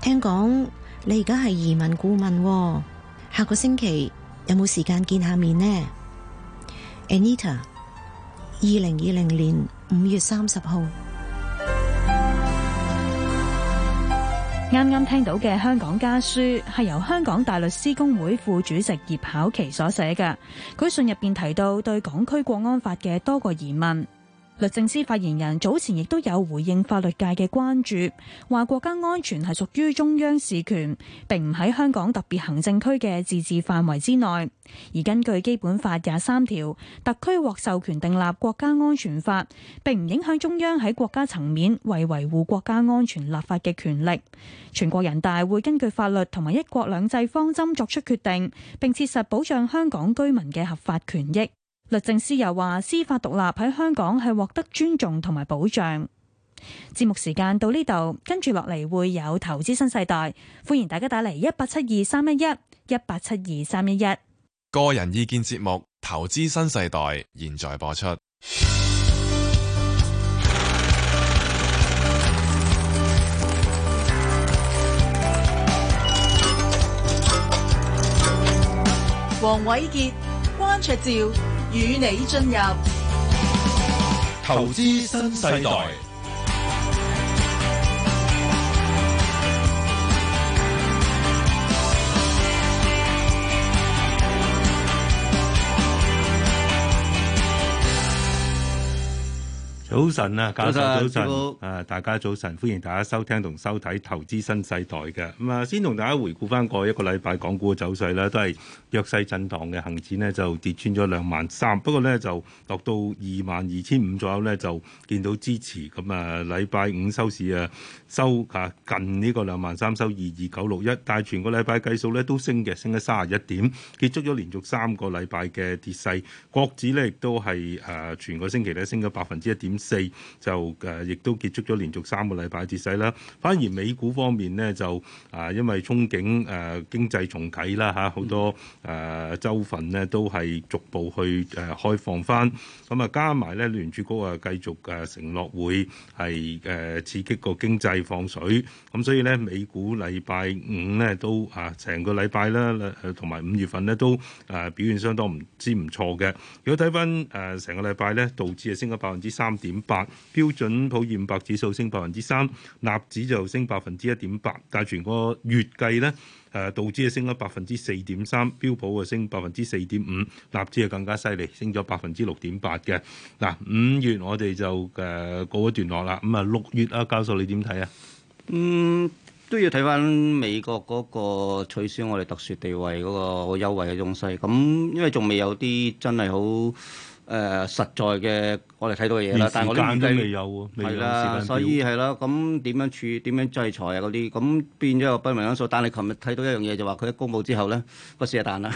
聽講你而家係移民顧問，下個星期有冇時間見下面呢？Anita，二零二零年五月三十號。啱啱聽到嘅香港家書係由香港大律師公會副主席葉巧琪所寫嘅，佢信入邊提到對港區國安法嘅多個疑問。律政司發言人早前亦都有回應法律界嘅關注，話國家安全係屬於中央事權，並唔喺香港特別行政區嘅自治範圍之內。而根據基本法廿三條，特區獲授權訂立國家安全法，並唔影響中央喺國家層面為維，維護國家安全立法嘅權力。全國人大會根據法律同埋一國兩制方針作出決定，並切實保障香港居民嘅合法權益。律政司又話，司法獨立喺香港係獲得尊重同埋保障。節目時間到呢度，跟住落嚟會有投資新世代，歡迎大家打嚟一八七二三一一一八七二三一一。個人意見節目《投資新世代》現在播出。黃瑋傑、關焯照，與你進入投資新世代。早晨啊，早晨，早晨，早晨啊！大家早晨，歡迎大家收聽同收睇《投資新世代》嘅咁啊！先同大家回顧翻過一個禮拜港股嘅走勢啦。都係弱勢震盪嘅，恆指呢就跌穿咗兩萬三，不過呢就落到二萬二千五左右呢，就見到支持咁啊！嗯，禮拜五收市啊，收嚇近呢個兩萬三，收二二九六一，但係全個禮拜計數呢都升嘅，升咗三十一點，結束咗連續三個禮拜嘅跌勢。國指呢亦都係誒全個星期呢升咗百分之一點。四就誒亦都結束咗連續三個禮拜跌勢啦，反而美股方面咧就啊，因為憧憬誒經濟重啟啦吓，好多誒州份咧都係逐步去誒開放翻，咁啊加埋咧聯儲局啊繼續誒承諾會係誒刺激個經濟放水，咁所以咧美股禮拜五咧都啊成個禮拜啦，同埋五月份咧都誒表現相當唔知唔錯嘅。如果睇翻誒成個禮拜咧，道指係升咗百分之三點點八標準普爾五百指數升百分之三，納指就升百分之一點八，但係全個月計咧，誒道指係升咗百分之四點三，標普啊升百分之四點五，納指啊更加犀利，升咗百分之六點八嘅。嗱，五月我哋就誒告一段落啦，咁啊六月啊，教授你點睇啊？嗯，都要睇翻美國嗰個取消我哋特殊地位嗰個優惠嘅東西，咁因為仲未有啲真係好。誒、呃、實在嘅，我哋睇到嘅嘢啦，但係我哋眼底未有計係啦，所以係啦，咁、嗯、點樣處點樣制裁啊嗰啲。咁變咗個不明因素。但係你琴日睇到一樣嘢，就話、是、佢一公佈之後咧個市就彈啦。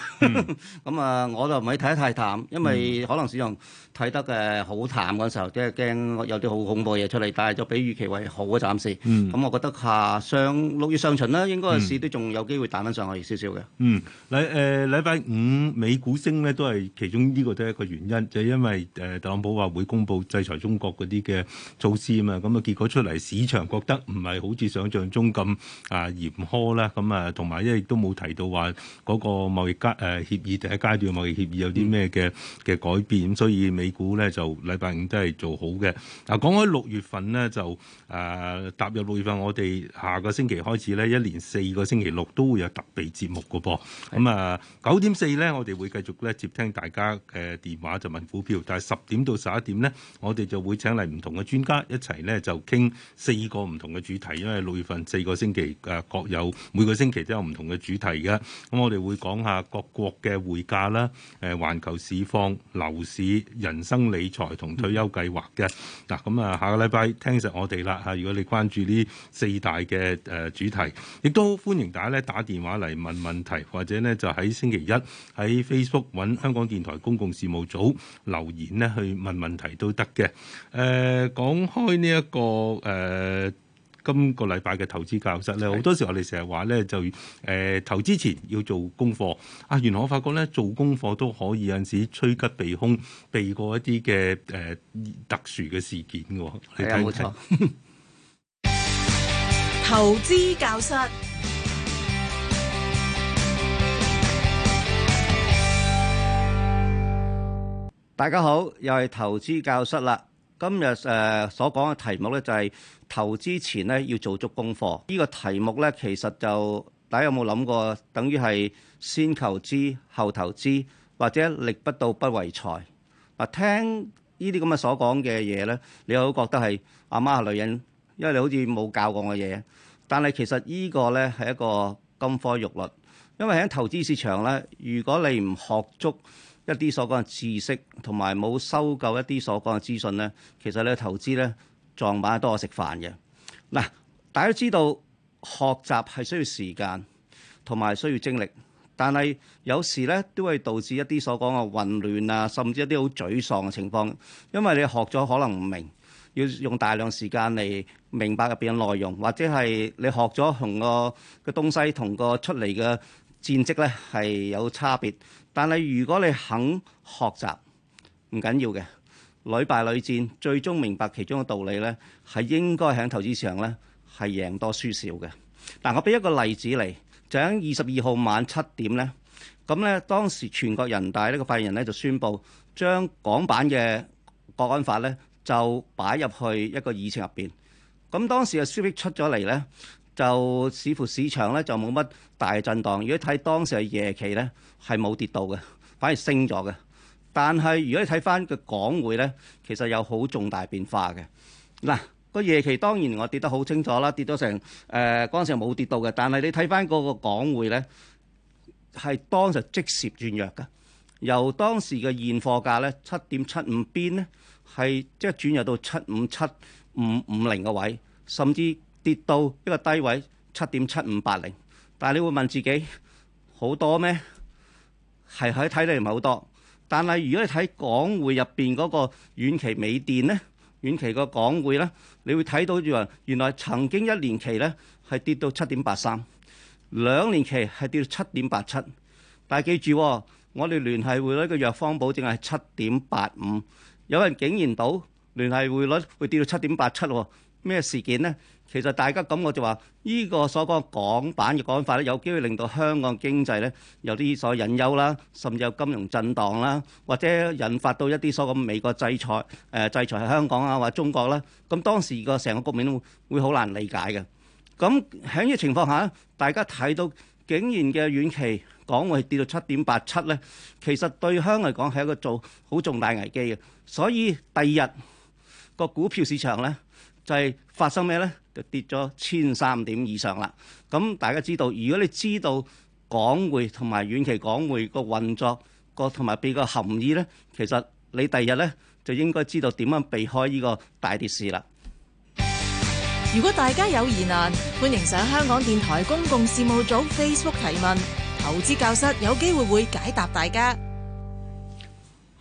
咁啊，我就唔係睇得太淡，因為可能市場睇得誒好淡嗰時候，即係驚有啲好恐怖嘅嘢出嚟，但係就比預期為好嘅暫時。咁我覺得下上六月上旬咧，應該個市都仲有機會彈翻上去少少嘅。嗯，禮誒禮拜五美股升咧，都係其中呢個都係一個原因，因為誒，特朗普話會公布制裁中國嗰啲嘅措施啊嘛，咁啊結果出嚟，市場覺得唔係好似想象中咁啊嚴苛啦。咁啊，同埋因為都冇提到話嗰個貿易階誒協議第一階段貿易協議有啲咩嘅嘅改變，所以美股咧就禮拜五都係做好嘅。嗱、啊，講開六月份呢，就誒、啊、踏入六月份，我哋下個星期開始咧，一連四個星期六都會有特備節目噶噃。咁的啊，九點四咧，我哋會繼續咧接聽大家嘅電話就問。股票，但係十點到十一點呢，我哋就會請嚟唔同嘅專家一齊呢，就傾四個唔同嘅主題。因為六月份四個星期嘅各有每個星期都有唔同嘅主題嘅。咁我哋會講下各國嘅匯價啦，誒環球市況、樓市、人生理財同退休計劃嘅。嗱，咁啊下個禮拜聽實我哋啦吓。如果你關注呢四大嘅誒主題，亦都歡迎大家呢打電話嚟問問題，或者呢就喺星期一喺 Facebook 揾香港電台公共事務組。留言咧去問問題都得嘅。誒、呃、講開呢、這、一個誒、呃、今個禮拜嘅投資教室咧，好的多時我哋成日話咧就誒、呃、投資前要做功課啊。原來我發覺咧做功課都可以有陣時趨吉避凶，避過一啲嘅誒特殊嘅事件嘅。你睇下係啊，冇錯。 投資教室。大家好，又係投資教室啦。今日誒所講嘅題目呢，就係投資前咧要做足功課。呢、這個題目呢，其實就大家有冇諗過？等於係先求知後投資，或者力不到不為財。嗱、啊，聽依啲咁嘅所講嘅嘢呢，你會覺得係阿媽係女人，因為你好似冇教過我嘢。但係其實呢個呢，係一個金科玉律，因為喺投資市場呢，如果你唔學足，一啲所講嘅知識同埋冇收購一啲所講嘅資訊呢，其實你投資呢，撞板都係食飯嘅。嗱，大家都知道學習係需要時間同埋需要精力，但係有時呢，都會導致一啲所講嘅混亂啊，甚至一啲好沮喪嘅情況。因為你學咗可能唔明，要用大量時間嚟明白入邊嘅內容，或者係你學咗同個嘅東西同個出嚟嘅戰績呢，係有差別。但係如果你肯學習，唔緊要嘅，屢敗屢戰，最終明白其中嘅道理呢，係應該喺投資市場呢，係贏多輸少嘅。但我俾一個例子嚟，就喺二十二號晚七點呢。咁呢，當時全國人大呢個發言人呢，就宣布將港版嘅國安法呢，就擺入去一個議程入邊。咁當時嘅消息出咗嚟呢。 就似乎市場咧就冇乜大震盪。如果睇當時嘅夜期咧係冇跌到嘅，反而升咗嘅。但係如果你睇翻個港匯咧，其實有好重大變化嘅。嗱、個夜期當然我跌得好清楚啦，跌咗成誒，嗰、呃、陣時冇跌到嘅。但係你睇翻嗰個港匯咧，係當時即時轉弱㗎，由當時嘅現貨價咧七點七五邊咧，係即係轉入到七五七五五零嘅位，甚至。跌到一個低位七點七五八零，但係你會問自己好多咩？係喺睇你唔係好多，但係如果你睇港匯入邊嗰個遠期美電呢，遠期個港匯呢，你會睇到原來曾經一年期呢係跌到七點八三，兩年期係跌到七點八七，但係記住、哦、我哋聯繫匯率嘅弱方保證係七點八五，有人竟然到聯繫匯率會跌到七點八七喎？咩事件呢？其實大家咁，我就話呢個所講港版嘅講法咧，有機會令到香港經濟咧有啲所謂隱憂啦，甚至有金融震盪啦，或者引發到一啲所謂美國制裁，誒、呃、制裁香港啊或者中國啦。咁當時個成個局面會好難理解嘅。咁喺呢個情況下，大家睇到竟然嘅遠期港匯跌到七點八七咧，其實對香港嚟講係一個好重大危機嘅。所以第二日個股票市場咧。就係發生咩呢？就跌咗千三點以上啦。咁大家知道，如果你知道港匯同埋遠期港匯個運作個同埋俾個含義呢，其實你第日呢，就應該知道點樣避開呢個大跌市啦。如果大家有疑難，歡迎上香港電台公共事務組 Facebook 提問，投資教室有機會會解答大家。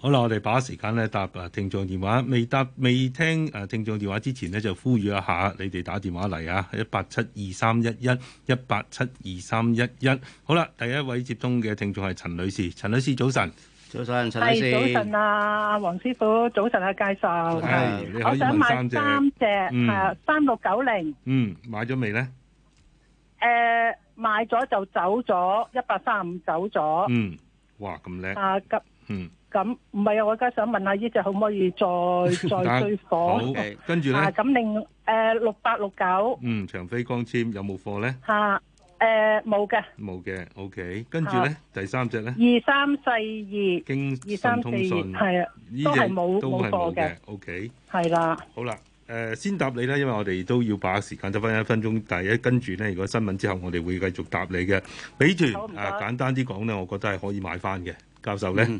好啦，我哋把時間咧答誒聽眾電話。未答未聽誒、啊、聽眾電話之前咧，就呼籲一下你哋打電話嚟啊！一八七二三一一一八七二三一一。好啦，第一位接通嘅聽眾係陳女士。陳女士早晨，早晨，陳早晨啊，黃師傅，早晨啊，介紹。係、啊，哎、你可以我想買三隻，係三六九零。三隻啊、嗯，買咗未呢？誒、呃，買咗就走咗，一八三五走咗。嗯，哇，咁叻啊！咁嗯。咁唔係啊！我而家想問下呢隻可唔可以再再追貨？好，跟住咧咁，另誒，六八六九，嗯，長飛光纖有冇貨咧？嚇誒，冇嘅，冇嘅。O K，跟住咧第三隻咧，二三四二經二三四二，係啊，都係冇冇貨嘅。O K，係啦。好啦，誒先答你啦，因為我哋都要把時間得翻一分鐘。第一跟住咧，如果新聞之後，我哋會繼續答你嘅。比團啊，簡單啲講咧，我覺得係可以買翻嘅。教授咧，誒，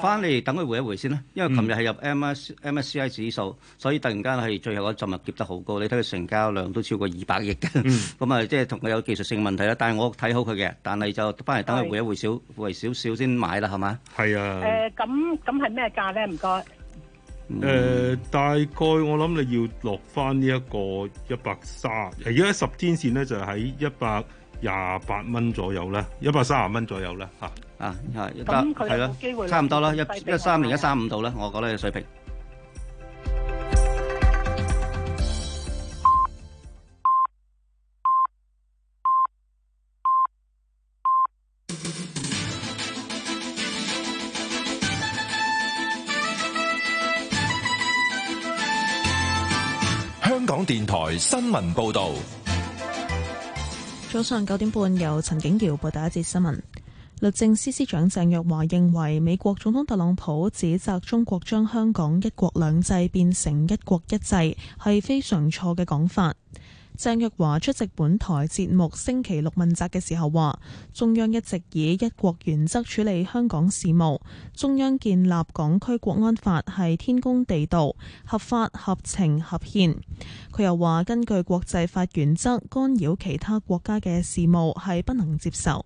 翻嚟等佢回一回先啦。因為琴日係入 M S M S C I 指數，所以突然間係最後嗰陣日跌得好高。你睇佢成交量都超過二百億嘅，咁啊，即係同佢有技術性問題啦。但係我睇好佢嘅，但係就翻嚟等佢回一回少回少少先買啦，係嘛？係啊。誒，咁咁係咩價咧？唔該。誒，大概我諗你要落翻呢一個一百三十，而家十天線咧就喺一百廿八蚊左右啦，一百三十蚊左右啦嚇。 啊，係，差，係咯方 130,，差唔多啦，一，一三零一三五度啦，我覺得嘅水平。香港電台新聞報道，早上九點半，由陳景瑤報第一節新聞。律政司司長鄭若驊認為，美國總統特朗普指責中國將香港一國兩制變成一國一制，係非常錯嘅講法。鄭若驊出席本台節目星期六問責嘅時候話，中央一直以一國原則處理香港事務，中央建立港區國安法係天公地道、合法合情合憲。佢又話，根據國際法原則，干擾其他國家嘅事務係不能接受。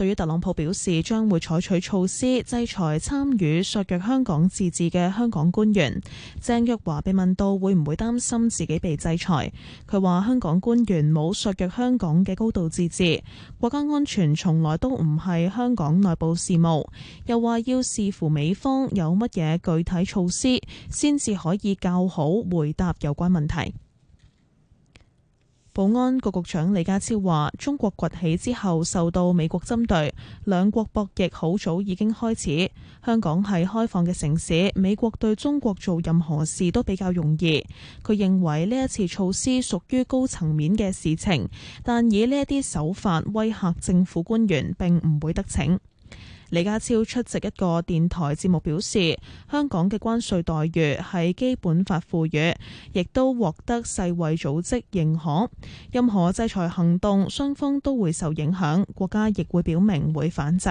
對於特朗普表示將會採取措施制裁參與削弱香港自治嘅香港官員，鄭若驊被問到會唔會擔心自己被制裁，佢話香港官員冇削弱香港嘅高度自治，國家安全從來都唔係香港內部事務，又話要視乎美方有乜嘢具體措施，先至可以較好回答有關問題。保安局局長李家超話：中國崛起之後受到美國針對，兩國博弈好早已經開始。香港係開放嘅城市，美國對中國做任何事都比較容易。佢認為呢一次措施屬於高層面嘅事情，但以呢一啲手法威嚇政府官員，並唔會得逞。李家超出席一個電台節目，表示香港嘅關稅待遇係基本法賦予，亦都獲得世衛組織認可。任何制裁行動，雙方都會受影響，國家亦會表明會反制。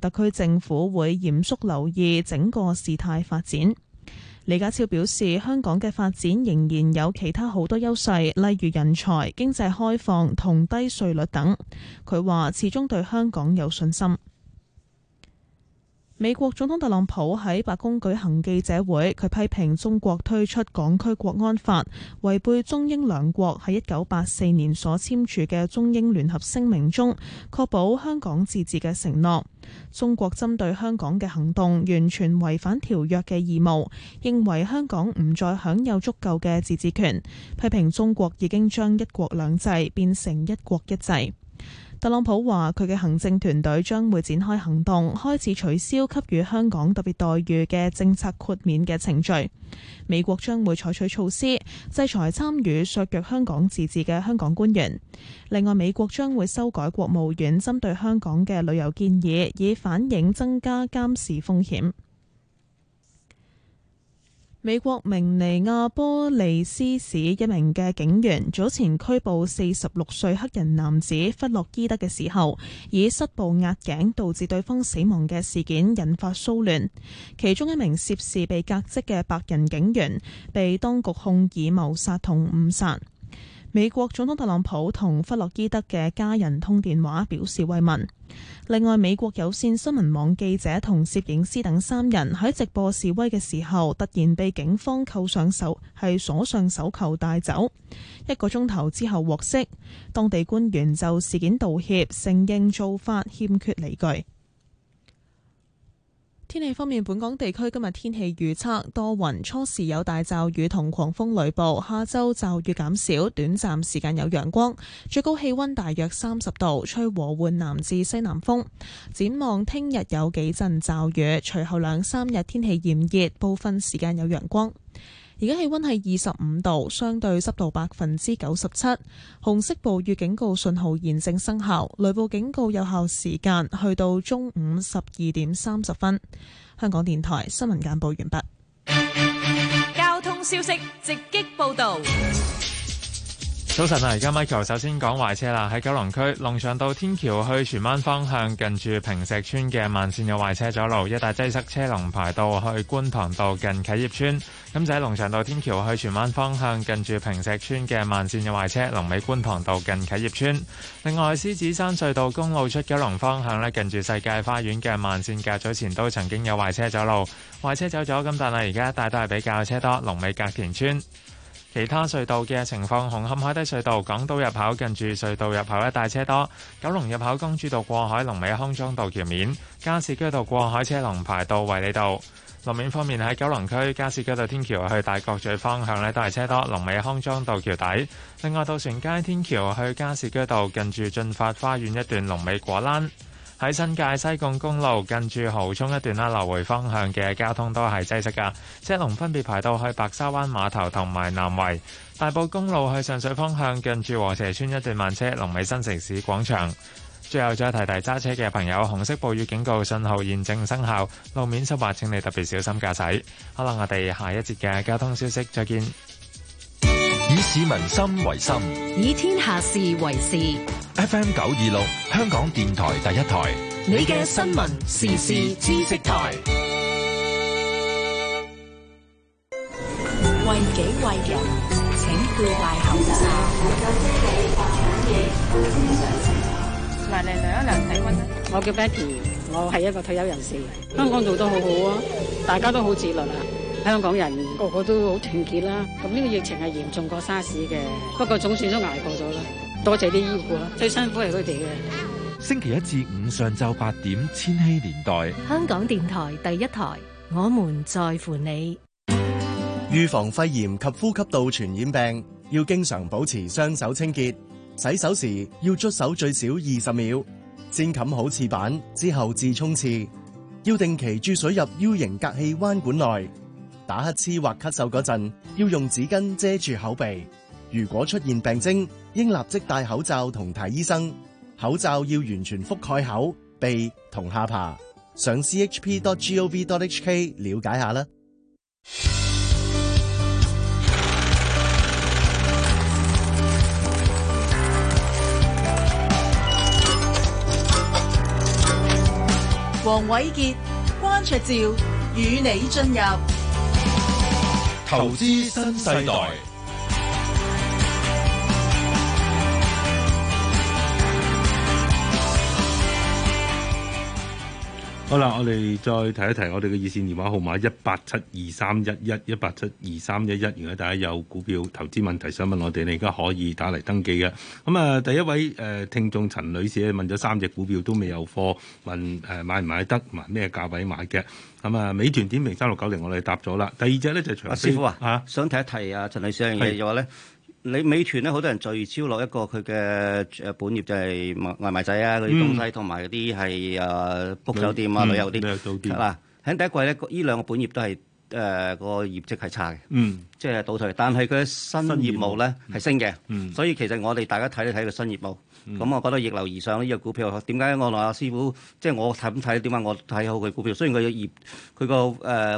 特區政府會嚴肅留意整個事態發展。李家超表示，香港嘅發展仍然有其他好多優勢，例如人才、經濟開放同低稅率等。佢話始終對香港有信心。美國總統特朗普喺白宮舉行記者會，佢批評中國推出港區國安法，違背中英兩國喺一九八四年所簽署嘅中英聯合聲明中確保香港自治嘅承諾。中國針對香港嘅行動完全違反條約嘅義務，認為香港唔再享有足夠嘅自治權，批評中國已經將一國兩制變成一國一制。特朗普話：佢嘅行政團隊將會展開行動，開始取消給予香港特別待遇嘅政策豁免嘅程序。美國將會採取措施，制裁參與削弱香港自治嘅香港官員。另外，美國將會修改國務院針對香港嘅旅遊建議，以反映增加監視風險。美國明尼亞波利斯市一名嘅警員早前拘捕四十六歲黑人男子弗洛伊德嘅時候，以膝部壓頸導致對方死亡嘅事件引發騷亂，其中一名涉事被革職嘅白人警員被當局控以謀殺同誤殺。美國總統特朗普同弗洛伊德嘅家人通電話表示慰問。另外，美國有線新聞網記者同攝影師等三人喺直播示威嘅時候，突然被警方扣上手，係鎖上手銬帶走。一個鐘頭之後獲釋，當地官員就事件道歉，承認做法欠缺理據。天氣方面，本港地區今日天，天氣預測多雲，初時有大驟雨同狂風雷暴，下晝驟雨減少，短暫時間有陽光，最高氣溫大約三十度，吹和緩南至西南風。展望聽日有幾陣驟雨，隨後兩三日天氣炎熱，部分時間有陽光。而家氣溫係二十五度，相對濕度百分之九十七。紅色暴雨警告信號現正生效，雷暴警告有效時間去到中午十二點三十分。香港電台新聞簡報完畢。交通消息，直擊報道。早晨啊！而家 Michael 首先講壞車啦。喺九龍區龍翔道天橋去荃灣方向，近住坪石村嘅慢線有壞車阻路，一帶擠塞，車龍排到去觀塘道近啟業村。咁就喺龍翔道天橋去荃灣方向，近住坪石村嘅慢線有壞車，龍尾觀塘道近啟業村。另外，獅子山隧道公路出九龍方向呢，近住世界花園嘅慢線較早前都曾經有壞車阻路，壞車走咗。咁但係而家一帶都係比較車多，龍尾隔田村。其他隧道嘅情況，紅磡海底隧道港島入口近住隧道入口一帶車多；九龍入口公主道過海龍尾康莊道橋面，加士居道過海車龍排到衛理道。路面方面喺九龍區加士居道天橋去大角咀方向咧都係車多，龍尾康莊道橋底。另外，渡船街天橋去加士居道近住進發花園一段龍尾果欄。喺新界西貢公路近住濠涌一段啦，來回方向嘅交通都係擠塞嘅，車龍分別排到去白沙灣碼頭同埋南圍、大埔公路去上水方向，近住禾輋邨一段慢車龍尾新城市廣場。最後再提提揸車嘅朋友，紅色暴雨警告信號現正生效，路面濕滑，請你特別小心駕駛。好啦，我哋下一節嘅交通消息，再見。以市民心為心，以天下事為事。FM 九二六，香港電台第一台，你嘅新聞時事知識台。為己為人，請佩戴口罩。女，我叫 Becky，我係一個退休人士。香港做得好好啊，大家都好自律啊。香港人個個都好團結啦。咁呢個疫情係嚴重過沙士嘅，不過總算都挨過咗啦。多謝啲醫護啊，最辛苦係佢哋嘅。星期一至五上晝八點，《千禧年代》香港電台第一台，我們在乎你。預防肺炎及呼吸道傳染病，要經常保持雙手清潔。洗手時要捽手最少二十秒，先冚好廁板，之後至沖廁。要定期注水入 U 型隔氣彎管內。打乞嗤或咳嗽嗰陣，要用紙巾遮住口鼻。如果出現病徵，應立即戴口罩同睇醫生。口罩要完全覆蓋口、鼻同下巴。上 chp.gov.hk 了解下啦。黃瑋傑、關焯照與你進入。投資新世代。好啦，我哋再提一提我哋嘅熱線電話號碼一八七二三一一一八七二三一一，如果大家有股票投資問題想問我哋，你而家可以打嚟登記嘅。咁啊，第一位誒、呃、聽眾陳女士咧問咗三隻股票都未有貨，問誒、呃、買唔買得，買咩價位買嘅。咁啊，美團點評三六九零我哋答咗啦。第二隻咧就係、長。阿師傅啊，啊想提一提啊陳女士嘅嘅話咧。是你美團咧，好多人聚焦落一個佢嘅誒本業就係外賣仔啊嗰啲東西，同埋嗰啲係誒 book 酒店啊旅遊啲，係嘛、嗯？喺、嗯嗯、第一季咧，呢兩個本業都係誒、呃、個業績係差嘅，嗯，即係倒退。但係佢新業務咧係升嘅，嗯嗯、所以其實我哋大家睇一睇個新業務，咁、嗯、我覺得逆流而上呢依隻股票，點解我羅阿師傅即係我係咁睇？點解我睇好佢股票？雖然佢嘅業佢個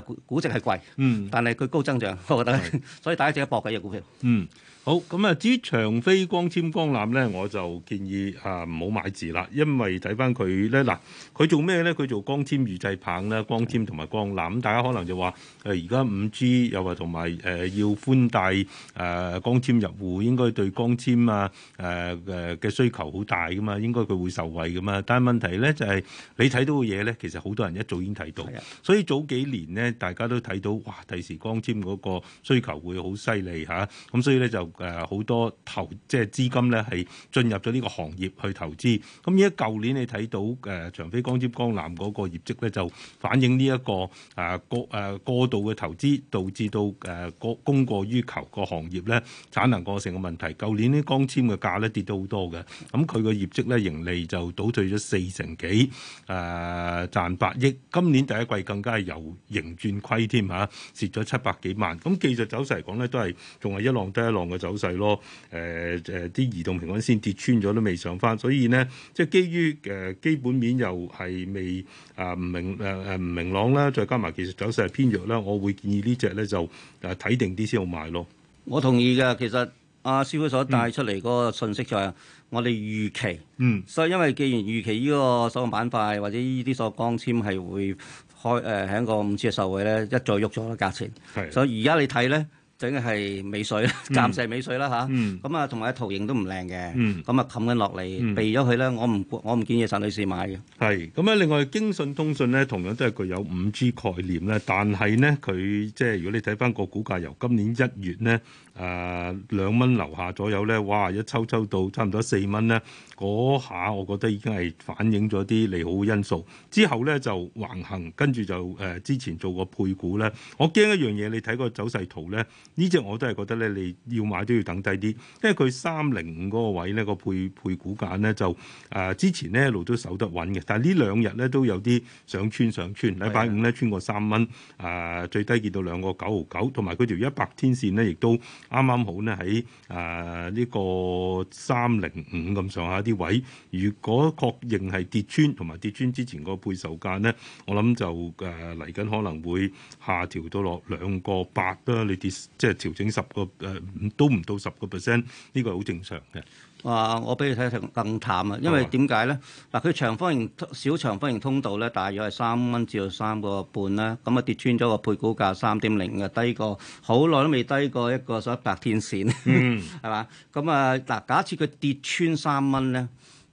誒估值係貴，嗯，但係佢高增長，我覺得，所以大家值得搏嘅依隻股票，嗯。好咁啊！至於長飛光纖光纜咧，我就建議嚇唔好買字啦，因為睇翻佢咧嗱，佢做咩咧？佢做光纖預製棒啦、光纖同埋光纜。咁大家可能就話誒，而家五 G 又話同埋誒要寬帶誒、呃、光纖入戶，應該對光纖啊誒誒嘅需求好大噶嘛，應該佢會受惠噶嘛。但係問題咧就係、是、你睇到嘅嘢咧，其實好多人一早已經睇到，所以早幾年咧大家都睇到哇，第時光纖嗰個需求會好犀利嚇，咁、啊、所以咧就。誒好、啊、多投即係資金咧係進入咗呢個行業去投資，咁依家舊年你睇到誒、啊、長飛光纖光纜嗰個業績咧，就反映呢、這、一個誒、啊、過誒、啊、過度嘅投資，導致到誒過供過於求個行業咧產能過剩嘅問題。舊年呢，光纖嘅價咧跌到好多嘅，咁佢個業績咧盈利就倒退咗四成幾，誒、啊、賺百億。今年第一季更加係由盈轉、啊、虧添嚇，蝕咗七百幾萬。咁技術走勢嚟講咧，都係仲係一浪低一浪嘅。走勢咯，誒誒啲移動平均線跌穿咗都未上翻，所以呢，即係基於誒基本面又係未啊唔、呃、明誒誒唔明朗啦，再加埋技術走勢係偏弱啦，我會建議呢隻咧就誒睇定啲先好買咯。我同意嘅，其實阿、啊、師傅所帶出嚟嗰個信息就係我哋預期，嗯，所以因為既然預期呢個所個板塊或者呢啲所個光纖係會開誒喺、呃、個五日嘅受位咧一再喐咗個價錢，係的，所以而家你睇咧。整嘅係尾水，鑑石尾水啦嚇，咁、嗯、啊同埋圖形都唔靚嘅，咁啊冚緊落嚟避咗佢咧，我唔我唔建議陳女士買嘅。係咁啊，另外京信通信咧，同樣都係具有五 G 概念咧，但係咧佢即係如果你睇翻個股價由今年一月咧誒兩蚊樓下左右咧，哇一抽抽到差唔多四蚊咧。嗰下我覺得已經係反映咗啲利好因素，之後咧，就橫行，跟住就誒之前做過配股咧，我驚一樣嘢，你睇個走勢圖咧，呢隻我都係覺得咧，你要買都要等低啲，因為佢三零五嗰個位咧，個配配股價咧就誒之前咧一路都守得穩嘅，但係呢兩日咧都有啲上穿上穿，禮拜五咧穿過三蚊，誒最低見到兩個九毫九，同埋佢條一百天線咧亦都啱啱好咧喺誒呢個三零五咁上下。位如果確認係跌穿同埋跌穿之前個配售價咧，我諗就誒嚟緊可能會下調到落兩個八啦。你跌即係調整十個誒、呃，都唔到十個 percent，呢個係好正常嘅。哇我俾你睇條更淡啊，因為點解咧？嗱，佢長方形小長方形通道咧，大約係三蚊至到三個半啦。咁啊，跌穿咗個配股價三點零嘅，低過好耐都未低過一個所謂百天線，係嘛？咁啊，嗱，假設佢跌穿三蚊咧，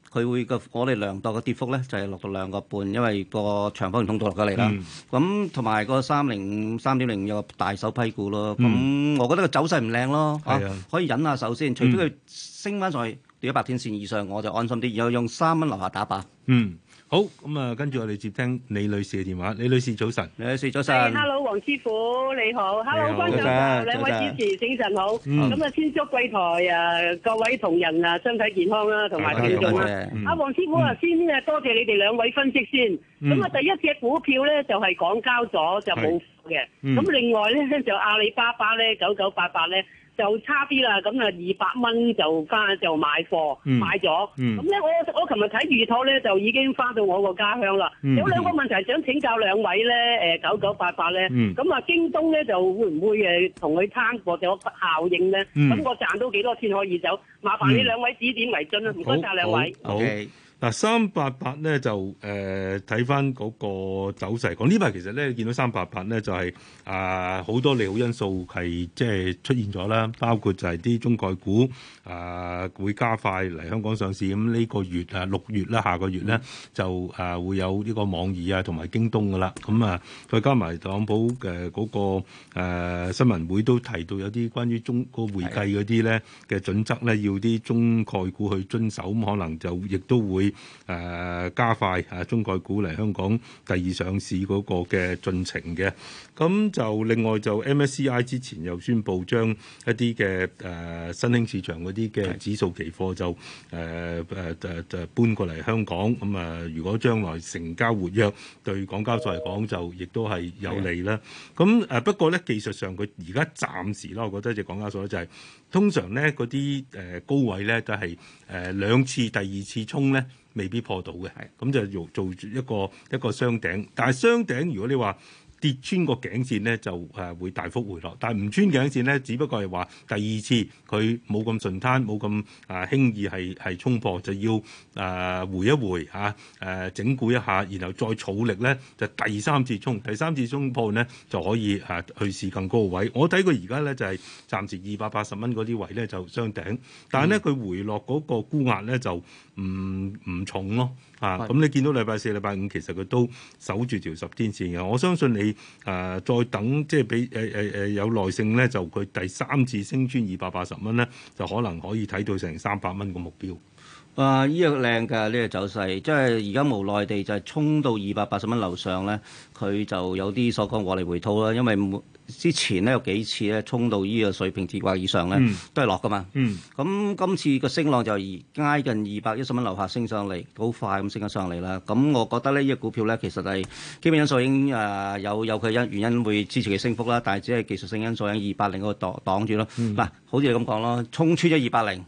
佢會個我哋量度嘅跌幅咧，就係落到兩個半，因為個長方形通道落咗嚟啦。咁同埋個三零五、三點零有個大手批股咯。咁我覺得個走勢唔靚咯，嚇可以忍下手先，除非佢升翻上去到一百天線以上，我就安心啲，然後用三蚊留下打靶。嗯，好，咁啊，跟住我哋接聽李女士嘅電話。李女士早晨。李女士早晨。Hello，黃師傅你好。Hello，關教授。兩位主持早晨好。咁啊，先祝貴台啊各位同仁啊身體健康啦，同埋敬重啦。啊，黃師傅啊，先啊多謝你哋兩位分析先。咁啊，第一隻股票咧就係港交咗就冇嘅。咁另外咧就阿里巴巴咧九九八八咧。就差啲啦，咁啊二百蚊就翻就買貨，買咗。咁咧我我琴日睇預託咧就已經翻到我個家鄉啦。嗯、有兩個問題想請教兩位咧，誒九九八八咧，咁啊、嗯、京東咧就會唔會誒同佢攤貨咗效應咧？咁、嗯、我賺到幾多錢可以走？麻煩你兩位指點為進啊！唔該晒兩位。嗱、啊，三八八咧就誒睇翻嗰個走勢講，呢排其實咧見到三八八咧就係啊好多利好因素係即係出現咗啦，包括就係啲中概股啊、呃、會加快嚟香港上市，咁呢個月啊六月啦，下個月咧就啊、呃、會有呢個網易啊同埋京東噶啦，咁啊再加埋特朗普嘅嗰個、呃、新聞會都提到有啲關於中、嗰個會計嗰啲咧嘅準則咧要啲中概股去遵守，咁可能就亦都會。誒、呃、加快啊，中概股嚟香港第二上市嗰個嘅進程嘅，咁就另外就 MSCI 之前又宣布將一啲嘅誒新興市場嗰啲嘅指數期貨就誒誒誒搬過嚟香港，咁啊如果將來成交活躍，對港交所嚟講就亦都係有利啦。咁誒的不過咧技術上佢而家暫時咧，我覺得喺隻港交所咧就係、是。通常咧嗰啲誒高位咧都係誒兩次第二次衝咧未必破到嘅，係咁就做做一個一個雙頂。但係雙頂如果你話，跌穿個頸線咧，就誒會大幅回落。但係唔穿頸線咧，只不過係話第二次佢冇咁順攤，冇咁誒輕易係係衝破，就要誒、呃、回一回嚇誒、啊、整固一下，然後再儲力咧就第三次衝，第三次衝破咧就可以誒去試更高位。我睇佢而家咧就係暫時二百八十蚊嗰啲位咧就雙頂，但係咧佢回落嗰個沽壓咧就唔唔重咯。啊，咁你見到禮拜四、禮拜五其實佢都守住條十天線嘅，我相信你啊、呃，再等即係俾誒誒誒有耐性咧，就佢第三次升穿二百八十蚊咧，就可能可以睇到成三百蚊嘅目標。啊！依個靚㗎呢個走勢，即係而家無奈地就係衝到二百八十蚊樓上咧，佢就有啲所講獲利回吐啦。因為之前咧有幾次咧衝到呢個水平節掛以上咧，嗯、都係落㗎嘛。咁、嗯、今次個升浪就二挨近二百一十蚊樓下升上嚟，好快咁升咗上嚟啦。咁我覺得呢依、這個股票咧其實係基本因素已經誒、呃、有有佢因原因會支持佢升幅啦，但係只係技術性因素喺二百零個度擋住咯。嗱、嗯，好似你咁講咯，衝穿咗二百零。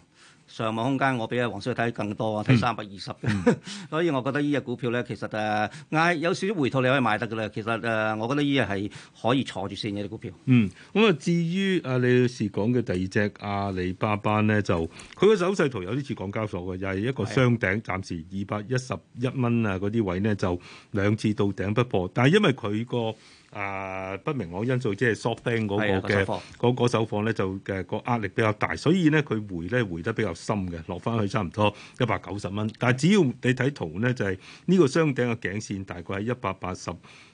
上網空間，我比阿黃小睇更多啊，睇三百二十嘅。 所以我覺得呢隻股票咧，其實誒，嗌、呃、有少少回吐你可以買得噶啦。其實誒、呃，我覺得呢隻係可以坐住先嘅股票。嗯，咁啊，至於阿李女士講嘅第二隻阿里巴巴咧，就佢個手勢圖有啲似港交所嘅，又係一個雙頂，暫時二百一十一蚊啊嗰啲位咧就兩次到頂不破，但係因為佢個誒、啊、不明朗因素，即係 SoftBank 嗰個嘅嗰、嗰個走貨咧，就誒個壓力比較大，所以咧佢回咧回得比較深嘅，落翻去差唔多一百九十蚊。但係只要你睇圖咧，就係、是、呢個雙頂嘅頸線大概係一百八十。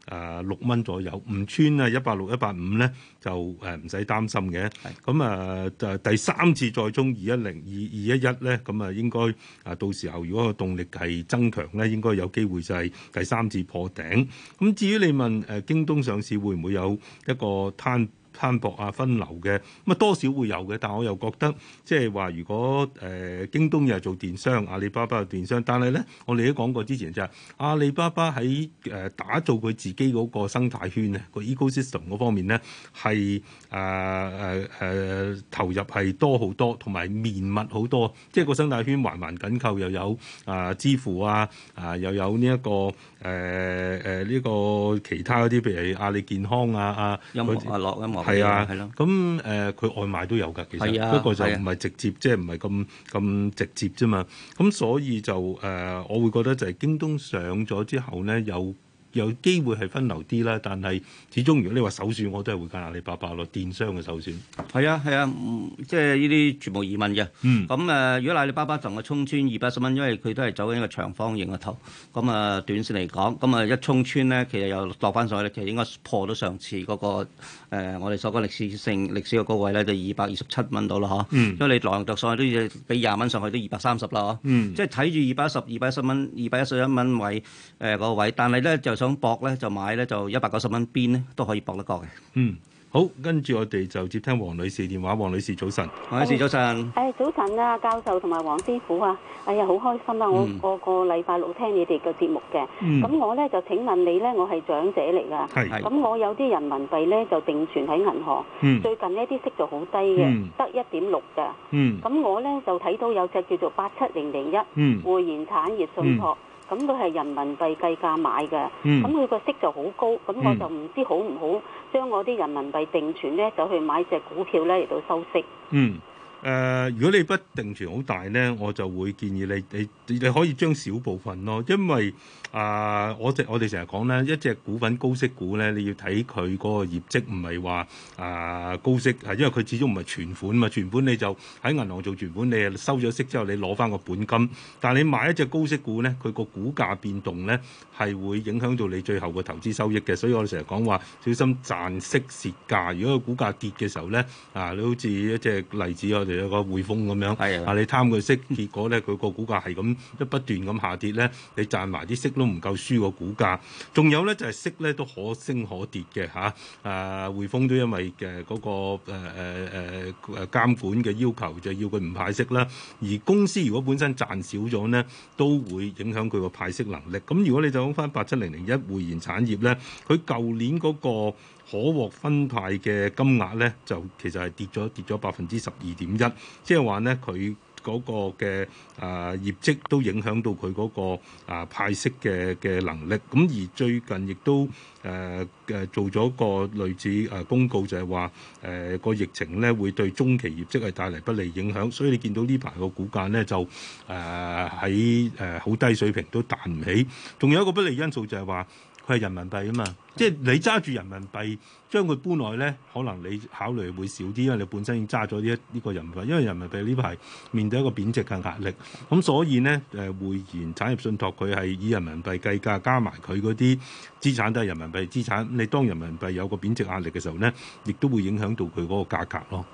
誒六蚊左右，唔穿啊，一百六一百五咧就誒唔使擔心嘅。咁誒就第三次再衝二一零二二一一咧，咁、嗯、啊應該啊到時候如果個動力係增強咧，應該有機會就係第三次破頂。咁、嗯、至於你問誒、啊、京東上市會唔會有一個攤攤薄啊，分流嘅咁啊，多少會有嘅。但我又覺得即係話，如果誒、呃、京東又係做電商，阿里巴巴又電商，但係咧，我哋都講過之前就係、是、阿里巴巴喺誒、呃、打造佢自己嗰個生態圈、那個呃呃、啊，個 ecosystem 嗰方面咧係誒誒誒投入係多好多，同埋綿密好多，即係個生態圈環環緊扣，又有啊、呃、支付啊啊、呃、又有呢、這、一個。誒誒呢個其他嗰啲，譬如阿里健康啊，啊音樂阿音樂，係啊，係咯。咁誒佢外賣都有㗎，啊、其實、啊、不過就唔係直接，即係唔係咁咁直接啫嘛。咁所以就誒、呃，我會覺得就係京東上咗之後咧，有。有機會係分流啲啦，但係始終如果你話首選，我都係會揀阿里巴巴咯，電商嘅首選。係啊，係啊，嗯、即係呢啲全部移民嘅。咁誒、嗯呃，如果阿里巴巴同我衝穿二百一十蚊，因為佢都係走緊一個長方形嘅頭。咁、嗯、啊，短線嚟講，咁、嗯、啊一衝穿咧，其實又落翻上去，其實應該破到上次嗰、嗰個、呃、我哋所講歷史性歷史嘅高位咧，就二百二十七蚊到啦嗬。嗯、因為你來回上去都要俾廿蚊上去，都二百三十啦嗬。嗯、即係睇住二百一十二百一十蚊、二百一十一蚊位誒嗰個位，呃呃、但係咧就。想博咧就買咧就一百九十蚊邊咧都可以搏得過嘅。嗯，好，跟住我哋就接聽王女士電話。王女士早晨，王女士早晨。誒、哎，早晨啊，教授同埋黃師傅啊，哎呀，好開心啊！嗯、我個個禮拜六聽你哋嘅節目嘅。咁、嗯、我咧就請問你咧，我係長者嚟㗎。係咁是我有啲人民幣咧就定存喺銀行。嗯、最近呢啲息就好低嘅，得一點六㗎。嗯。咁、嗯、我咧就睇到有隻叫做八七零零一，嗯，匯賢產業信託。嗯咁佢係人民幣計價買嘅，咁佢個息就好高，咁我就唔知好唔好將我啲人民幣定存咧，就去買隻股票咧嚟到收息。嗯誒、呃，如果你不定存好大咧，我就會建議你，你你可以將少部分咯，因為，啊、呃，我我哋成日講咧，一隻股份高息股咧，你要睇佢嗰個業績，唔係話啊高息，係因為佢始終唔係存款嘛，存款你就喺銀行做存款，你收咗息之後，你攞翻個本金。但係你買一隻高息股咧，佢個股價變動咧係會影響到你最後個投資收益嘅，所以我哋成日講話小心賺息蝕價，如果個股價跌嘅時候咧，啊你好似一隻例子我哋。有個匯豐咁樣，但係的、啊、你貪佢息，結果咧佢個股價係咁，一不斷咁下跌咧，你賺埋啲息都唔夠輸個股價。仲有咧就係、是、息咧都可升可跌嘅吓。誒匯豐都因為嘅嗰個誒誒誒誒監管嘅要求，就要佢唔派息啦。而公司如果本身賺少咗咧，都會影響佢個派息能力。咁、啊、如果你就講翻八七零零一匯賢產業咧，佢舊年嗰、那個。可獲分派嘅金額咧，就其實係跌咗跌咗百分之十二點一，即係話咧佢嗰個嘅誒、呃、業績都影響到佢嗰、嗰個、呃、派息嘅嘅能力。咁而最近亦都誒嘅、呃、做咗個類似誒、呃、公告就，就係話誒個疫情咧會對中期業績係帶嚟不利影響，所以你見到呢排個股價咧就誒喺誒好低水平都彈唔起，仲有一個不利因素就係話。佢係人民幣啊嘛，即係你揸住人民幣將佢搬來咧，可能你考慮會少啲，因為你本身已經揸咗呢一呢個人民幣，因為人民幣呢排面對一個貶值嘅壓力，咁所以咧誒匯賢產業信託佢係以人民幣計價，加埋佢嗰啲資產都係人民幣資產，你當人民幣有個貶值壓力嘅時候咧，亦都會影響到佢嗰個價格咯。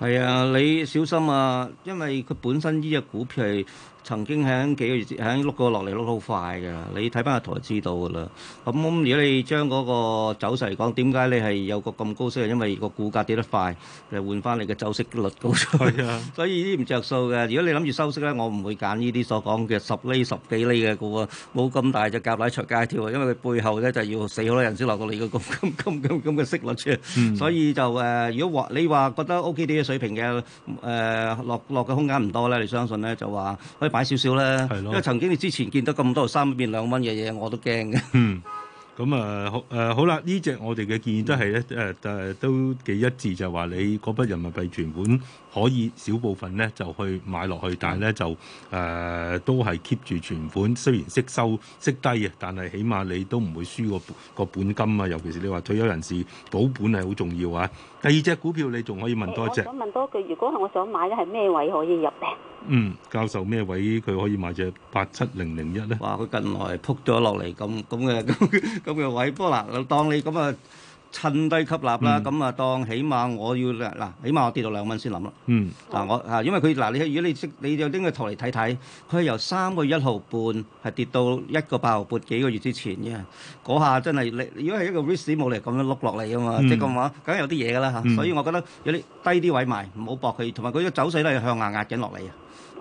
係啊，你小心啊，因為佢本身呢隻股票係。曾經喺幾個月喺碌過落嚟碌得好快㗎，你睇翻個圖就知道㗎啦。咁如果你將嗰個走勢嚟講，點解你係有個咁高息？係因為個股價跌得快，嚟換翻你嘅走息率高咗啊。所以呢啲唔著數嘅。如果你諗住收息咧，我唔會揀呢啲所講嘅十釐、十幾釐嘅股啊。冇咁大隻蛤乸隨街跳啊，因為佢背後咧就要死好多人先落到你個咁咁咁咁嘅息率出嚟。所以就誒，如果話你話覺得 OK 啲嘅水平嘅誒落落嘅空間唔多咧，你相信咧就話。擺少少啦，因為曾經你之前見到咁多三變兩蚊嘅嘢，我都驚嘅、嗯。嗯，咁啊，誒、嗯、好啦，呢隻我哋嘅建議都係咧，誒誒、嗯呃、都幾一致，就係、是、話你嗰筆人民幣存款。可以少部分咧就去買落去，但係咧就誒、呃、都係 keep 住存款。雖然息收息低嘅，但係起碼你都唔會輸個個本金啊。尤其是你話退休人士保本係好重要啊。第二隻股票你仲可以問多一隻。欸、我想問多句，如果係我想買咧，係咩位可以入咧？嗯，教授咩位佢可以買隻八七零零一咧？哇！佢近來撲咗落嚟咁咁嘅咁嘅位，不過，嗱，當你咁啊！趁低吸納啦，咁啊、嗯、當起碼我要嗱，起碼我跌到兩蚊先諗啦。嗱、嗯啊、我啊，因為佢嗱你，如果你即你有拎個圖嚟睇睇，佢由三個月一毫半係跌到一個八毫半，幾個月之前嘅嗰下真係你，如果係一個 risk 冇嚟咁樣碌落嚟嘅嘛，嗯、即係咁話梗係有啲嘢㗎啦嚇。嗯、所以我覺得有啲低啲位賣，唔好搏佢，同埋佢個走勢都係向下壓緊落嚟啊。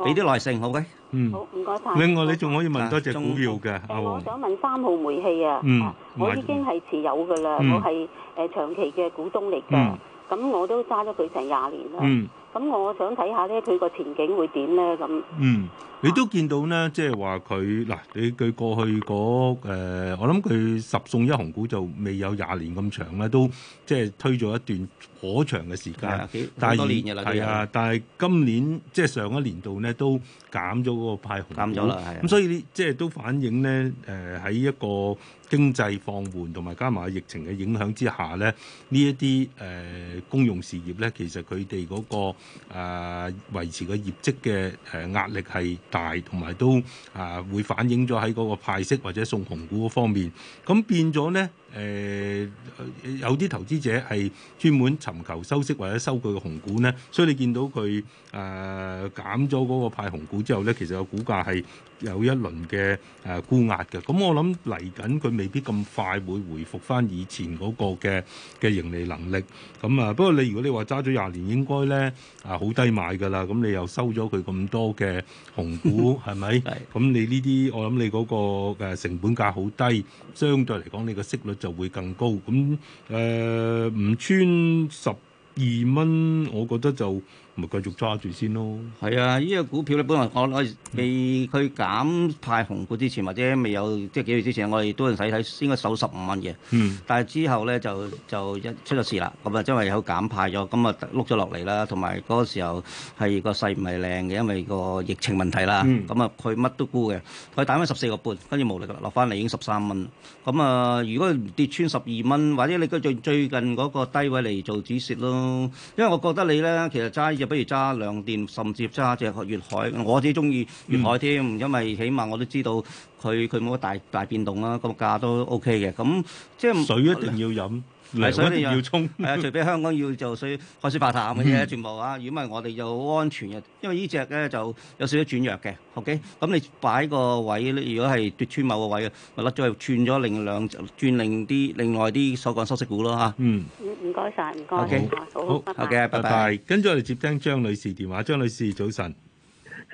俾啲耐性好嘅，okay? 嗯。好，唔該晒。另外，你仲可以問多隻股票嘅。誒、我想問三號煤氣啊，嗯，我已經係持有嘅啦，嗯、我係誒、呃、長期嘅股東嚟嘅，咁、嗯嗯、我都揸咗佢成廿年啦。嗯。咁我想睇下咧，佢個前景會點咧？咁嗯，你都見到咧，即係話佢嗱，你佢過去嗰、呃、我諗佢十送一紅股就未有廿年咁長咧，都即係推咗一段頗長嘅時間，幾幾但係係啊，年但係今年即係上一年度咧都減咗嗰個派紅，減咗啦，咁所以呢，的即係都反映咧誒喺一個。經濟放緩同埋加埋疫情嘅影響之下咧，呢一啲誒公用事業咧，其實佢哋嗰個誒、呃、維持個業績嘅誒、呃、壓力係大，同埋都啊、呃、會反映咗喺嗰個派息或者送紅股嗰方面，咁變咗咧。誒、呃、有啲投資者係專門尋求收息或者收佢嘅紅股呢，所以你見到佢誒、呃、減咗嗰個派紅股之後呢，其實個股價係有一輪嘅誒沽壓嘅。咁、呃、我諗嚟緊佢未必咁快會回復翻以前嗰個嘅嘅盈利能力。咁啊，不過你如果你話揸咗廿年應該，應該呢啊好低買㗎啦。咁你又收咗佢咁多嘅紅股，係咪？ 係。 咁你呢啲我諗你嗰個成本價好低，相對嚟講你個息率。就會更高，咁誒唔穿十二蚊，我覺得就。咪繼續揸住先咯。係啊，呢、這個股票咧，本來我我未佢、嗯、減派紅股之前，或者未有即係幾月之前，我哋都係使睇，應該守十五蚊嘅。嗯。但係之後咧就就一出咗事啦。咁啊，因為有減派咗，咁啊碌咗落嚟啦。同埋嗰個時候係個勢唔係靚嘅，因為個疫情問題啦。咁、嗯、啊，佢乜都沽嘅，佢打翻十四個半，跟住無力落翻嚟已經十三蚊。咁啊，如果跌穿十二蚊，或者你個最最近嗰個低位嚟做止蝕咯。因為我覺得你咧，其實揸住。不如揸兩電，甚至揸隻粵海，我自己中意粵海添，因為起碼我都知道佢佢冇乜大大變動啦，個價都 OK 嘅，咁即係水一定要飲。係，所以你要要衝。係啊，除非香港要做水，海水化淡咁嘅嘢，全部啊，如果唔係我哋就好安全嘅。因為呢隻咧就有少少轉弱嘅。OK，咁你擺個位咧，如果係跌穿某個位啊，咪甩咗去轉咗另兩轉另啲另外啲所講收息股咯嚇。嗯，唔該晒，唔該。OK，好。好。OK，拜拜。跟住我哋接聽張女士電話。張女士，早晨。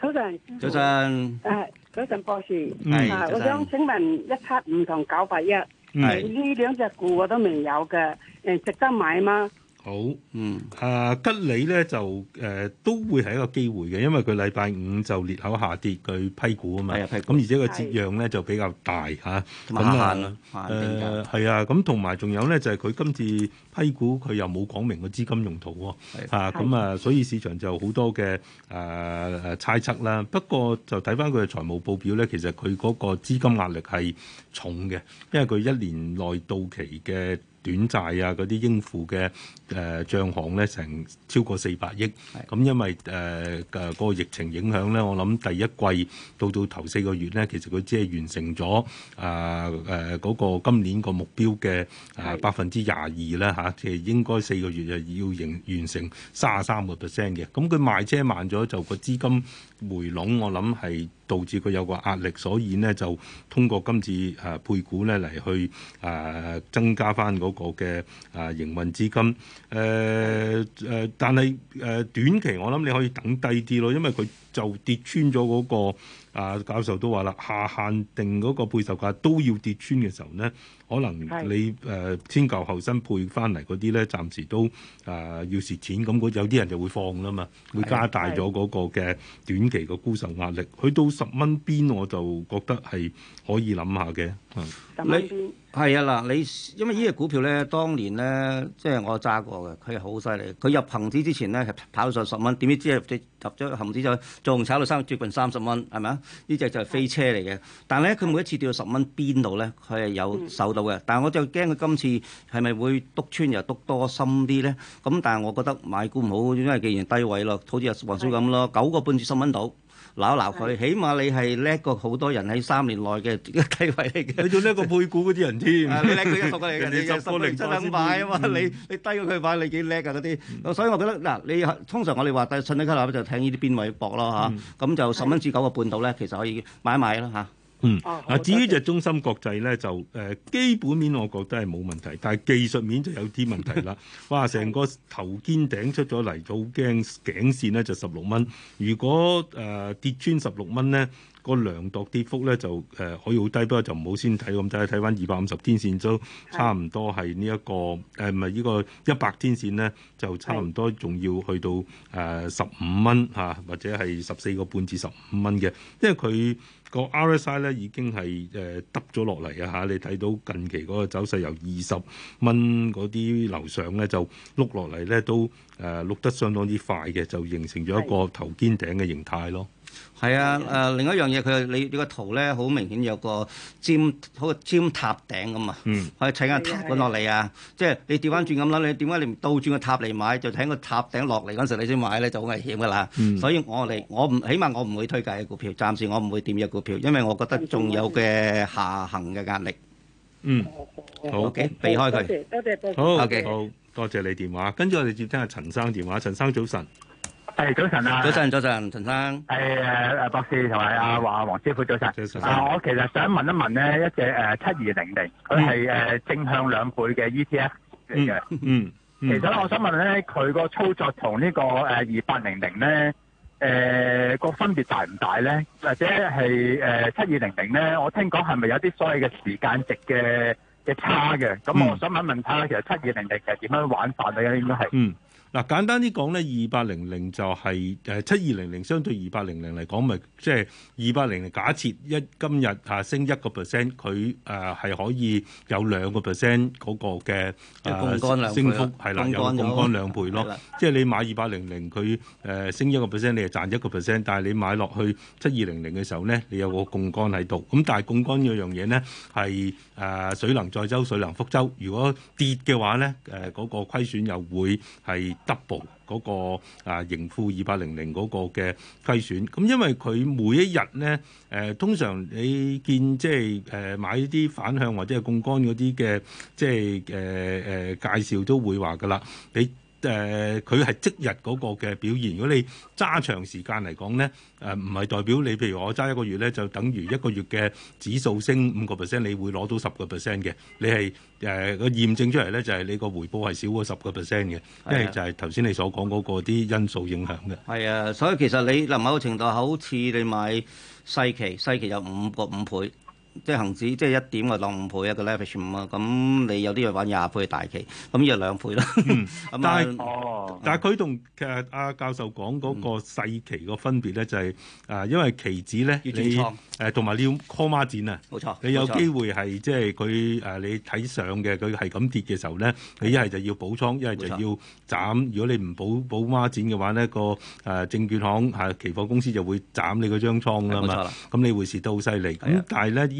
早晨。早晨。誒，早晨博士。嗯。我想請問一七五同九八一。呢、嗯、兩隻，股我都未有嘅，誒值得買嗎？好，嗯，啊，吉利咧就誒、呃、都會係一個機會嘅，因為佢禮拜五就裂口下跌，佢批股嘛啊嘛，咁而且個折讓咧就比較大嚇，咁啊，誒係啊，咁同埋仲有咧就係佢今次批股佢又冇講明個資金用途喎，啊，咁啊，呃、所以市場就好多嘅誒誒猜測啦。不過就睇返佢嘅財務報表咧，其實佢嗰個資金壓力係重嘅，因為佢一年內到期嘅。短債啊，嗰啲應付嘅誒，賬項咧，成超過四百億。咁是的 因為誒誒、呃那個疫情影響咧，我諗第一季到到頭四個月咧，其實佢只係完成咗誒誒嗰個今年個目標嘅誒、呃、百分之廿二啦吓，即、啊、係應該四個月就要完完成三十三個 percent 嘅。咁佢賣車慢咗，就個資金回籠，我諗係導致佢有個壓力，所以咧就通過今次誒配股咧嚟去誒、呃、增加翻嗰。個嘅啊營運資金，誒、呃、誒、呃，但係誒、呃、短期我諗你可以等低啲咯，因為佢。就跌穿咗嗰、那個啊、呃，教授都話啦，下限定嗰個配售價都要跌穿嘅時候咧，可能你誒先舊後新配翻嚟嗰啲咧，暫時都誒、呃、要蝕錢，咁嗰有啲人就會放啦嘛，會加大咗嗰個嘅短期嘅沽售壓力。去到十蚊邊，我就覺得係可以諗下嘅。你蚊係啊嗱，你因為呢隻股票咧，當年咧即係我揸過嘅，佢係好犀利。佢入棚子之前咧係跑上十蚊，點知即合咗陷阱之後，就仲炒到三接近三十蚊，係咪啊？呢隻就係飛車嚟嘅。的但係咧，佢每一次跌到十蚊，邊度咧，佢係有守到嘅。但係我就驚佢今次係咪會篤穿又篤多深啲咧？咁但係我覺得買股唔好，因為既然低位咯，好似黃少咁咯，九的個半至十蚊到。攬一攬佢，起碼你係叻過好多人喺三年內嘅地位嚟嘅，佢仲叻過配股嗰啲人添。 啊，你叻過一熟嚟嘅， 你十個零七蚊買啊嘛，你 你低過佢塊，你幾叻啊嗰啲。嗯、所以我覺得嗱、啊，你通常我哋話帶信力級啦，就聽呢啲邊位搏咯嚇。咁、啊嗯、就十蚊至九個半度咧，其實可以買一買啦嚇。啊嗯，嗱、哦，至於就中芯國際咧，就誒、呃、基本面，我覺得係冇問題，但係技術面就有啲問題啦。 哇，成個頭肩頂出咗嚟，好驚！頸線咧就十六蚊，如果誒、呃、跌穿十六蚊咧，個量度跌幅咧就誒、呃、可以好低，不過就唔好先睇咁滯，睇返二百五十天線都差唔多係呢一個誒，唔係呢個一百天線咧，就差唔多仲要去到誒十五蚊吓，或者係十四個半至十五蚊嘅，因為佢。個 RSI 咧已經係誒揼咗落嚟啊！吓，你睇到近期嗰個走勢由二十蚊嗰啲樓上咧就碌落嚟咧都誒碌、呃、得相當之快嘅，就形成咗一個頭肩頂嘅形態咯。係啊，誒、呃、另一樣嘢，佢你你個圖咧好明顯有個尖，好似尖塔頂咁、嗯、啊，可以睇緊塔滾落嚟啊！即係你掉翻轉咁啦，你點解你唔倒轉個塔嚟買，就睇個塔頂落嚟嗰時你先買咧就好危險噶啦！嗯、所以我嚟，我唔起碼我唔會推介嘅股票，暫時我唔會點入股票，因為我覺得仲有嘅下行嘅壓力。嗯，好，OK，好避開佢。多謝多謝，好 OK，好，好，多謝你電話。跟住我哋接聽下陳生電話。陳生，陳生早晨。係早晨啊！早晨，早晨，啊、早晨，陳生。係誒誒，博士同埋阿華黃師傅早晨。早晨。早晨啊，我其實想問一問咧，一隻誒七二零零，佢係誒正向兩倍嘅 ETF 嚟嘅。嗯。其實我想問咧，佢個操作同、這個呃、呢個誒二八零零咧、誒、呃、個分別大唔大咧？或者係誒七二零零咧？我聽講係咪有啲所謂嘅時間值嘅嘅差嘅？咁我想問一問睇佢，其實七二零零其實點樣玩法啊？應該係。嗯。嗱，簡單啲講咧，二八零零就係、是、誒、呃、七二零零相對二八零零嚟講，咪即係二八零零假設一今日呀升一個 percent，佢誒係可以有兩、那個 percent 嗰個嘅誒升幅係啦，有槓桿兩倍咯。的即係你買二八零零，佢、呃、誒升一個 percent，你就賺一個 percent，但係你買落去七二零零嘅時候咧，你有個槓桿喺度。咁但係槓桿嗰樣嘢咧係誒水能載舟，水能覆舟。如果跌嘅話咧，誒、呃、嗰、那個虧損又會係。double 嗰、那個啊盈富二八零零嗰個嘅虧損，咁、嗯、因為佢每一日咧，誒、呃、通常你見即係誒買一啲反向或者係槓桿嗰啲嘅，即係誒誒介紹都會話噶啦，你。誒，佢係、呃、即日嗰個嘅表現。如果你揸長時間嚟講咧，誒唔係代表你譬如我揸一個月咧，就等於一個月嘅指數升五個 percent，你會攞到十個 percent 嘅。你係誒個驗證出嚟咧，就係、是、你個回報係少過十個 percent 嘅，啊、因為就係頭先你所講嗰個啲因素影響嘅。係啊，所以其實你臨某程度好似你買細期，細期有五個五倍。即係恆指，即係一點啊，攞五倍一個 leverage 咁啊。咁你有啲人玩廿倍大期，咁亦兩倍啦、 嗯。但係， 嗯、但係佢同其實阿教授講嗰個細期個分別咧，就係啊，因為期指咧，要你誒同埋你要 call 孖展啊。冇錯，你有機會係即係佢誒你睇上嘅，佢係咁跌嘅時候咧，你一係就要補倉，一係就要斬。冇錯。如果你唔補補孖展嘅話咧，個誒證券行係期貨公司就會斬你個張倉啦嘛。冇錯啦。咁你會蝕得好犀利。咁的但係咧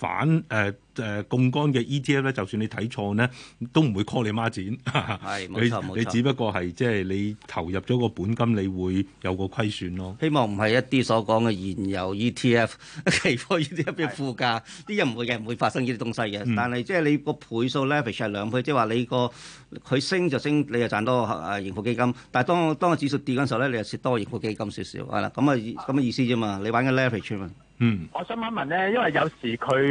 反誒誒槓桿嘅 ETF 咧，就算你睇錯呢，都唔會 call 你孖展。係你只不過係即係你投入咗個本金，你會有個虧損咯。希望唔係一啲所講嘅原油 ETF、期貨 ETF 嘅負價，啲嘢唔會唔會發生呢啲東西嘅。但係即係你個倍數 leverage 係兩倍，即係話你個佢升就升，你又賺多啊盈富基金。但係當當個指數跌嗰陣時候咧，你又蝕多盈富基金少少。係啦，咁啊咁嘅意思啫嘛。你玩緊 leverage 嘛。嗯。我想問一問咧，因為有時佢。佢誒、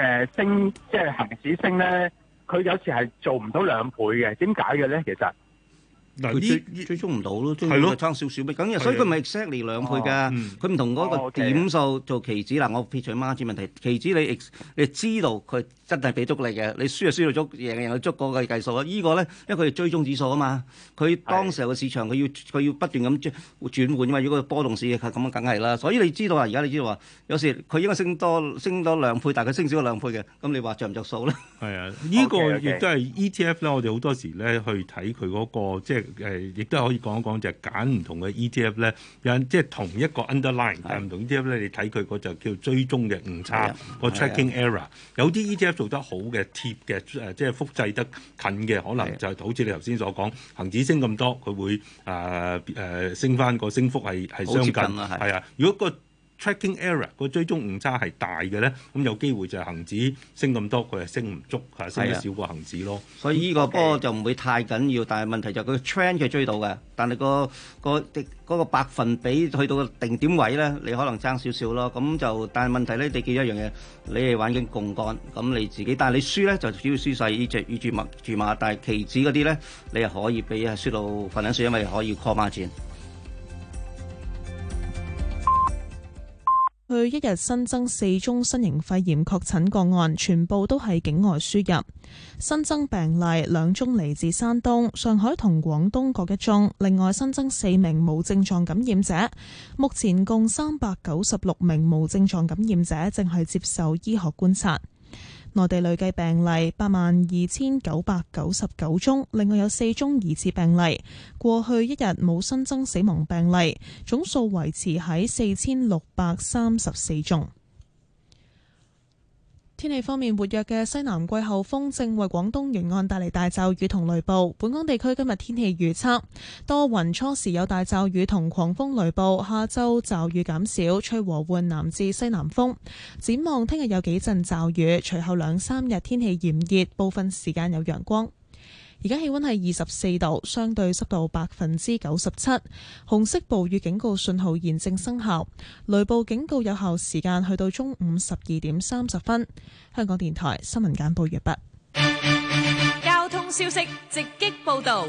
呃、升，即係恆指升咧，佢有時係做唔到兩倍嘅，點解嘅咧？其實。但佢追這追蹤唔到咯，的追蹤個倉少少咪，咁又的的所以佢唔係 exactly 兩倍㗎。佢唔、哦嗯、同嗰個點數做期指嗱、哦 okay，我撇除孖展問題，期指你你知道佢真係俾足你嘅，你輸就輸到足，贏就贏到足嗰個計數啊。依、這個咧，因為佢係追蹤指數啊嘛，佢當時候個市場佢要佢的要不斷咁轉換啊嘛。如果個波動市咁啊，梗係啦。所以你知道啊，而家你知道話，有時佢應該升多升多兩倍，但係佢升少兩倍嘅，咁你話着唔着數咧？係啊，依、這個亦都係 ETF 咧，我哋好多時咧去睇佢嗰個即係。誒，亦都可以講一講，就係揀唔同嘅 ETF 咧，有即係同一個 underline 的但唔同 ETF 咧，你睇佢個就叫追蹤嘅誤差的個 tracking error 的。有啲 ETF 做得好嘅貼嘅，誒，即係複製得近嘅，可能就係好似你頭先所講，恒指升咁多，佢會誒誒、呃呃、升返、個升幅係係相近啊，係啊，如果個 tracking error 個追蹤誤差係大嘅咧，咁有機會就係恆指升咁多，佢又升唔足嚇，升得少過恒指咯。所以呢個波就唔會太緊要，但係問題就佢嘅 trend 佢追到嘅，但係、那個、那個啲百分比去到個定點位咧，你可能爭少少咯。咁就但係問題咧，你記一樣嘢，你係玩緊共幹，咁你自己，但係你輸咧就主要輸曬依隻依注馬注馬，但係棋子嗰啲咧，你係可以俾係輸到分兩成，因為可以 call 馬轉。去一日新增四宗新型肺炎確診個案，全部都係境外輸入。新增病例兩宗嚟自山東、上海同廣東各一宗，另外新增四名無症狀感染者。目前共三百九十六名無症狀感染者正係接受醫學觀察。內地累計病例八萬二千九百九十九宗，另外有四宗疑似病例。過去一日冇新增死亡病例，總數維持喺四千六百三十四宗。天氣方面，活躍嘅西南季候風正為廣東沿岸帶嚟大驟雨同雷暴。本港地區今日天氣預測多雲，初時有大驟雨同狂風雷暴，下晝驟雨減少，吹和緩南至西南風。展望聽日有幾陣驟雨，隨後兩三日天氣炎熱，部分時間有陽光。而家氣溫係二十四度，相對濕度百分之九十七，紅色暴雨警告信號現正生效，雷暴警告有效時間去到中午十二點三十分。香港電台新聞簡報完畢。交通消息直擊報道。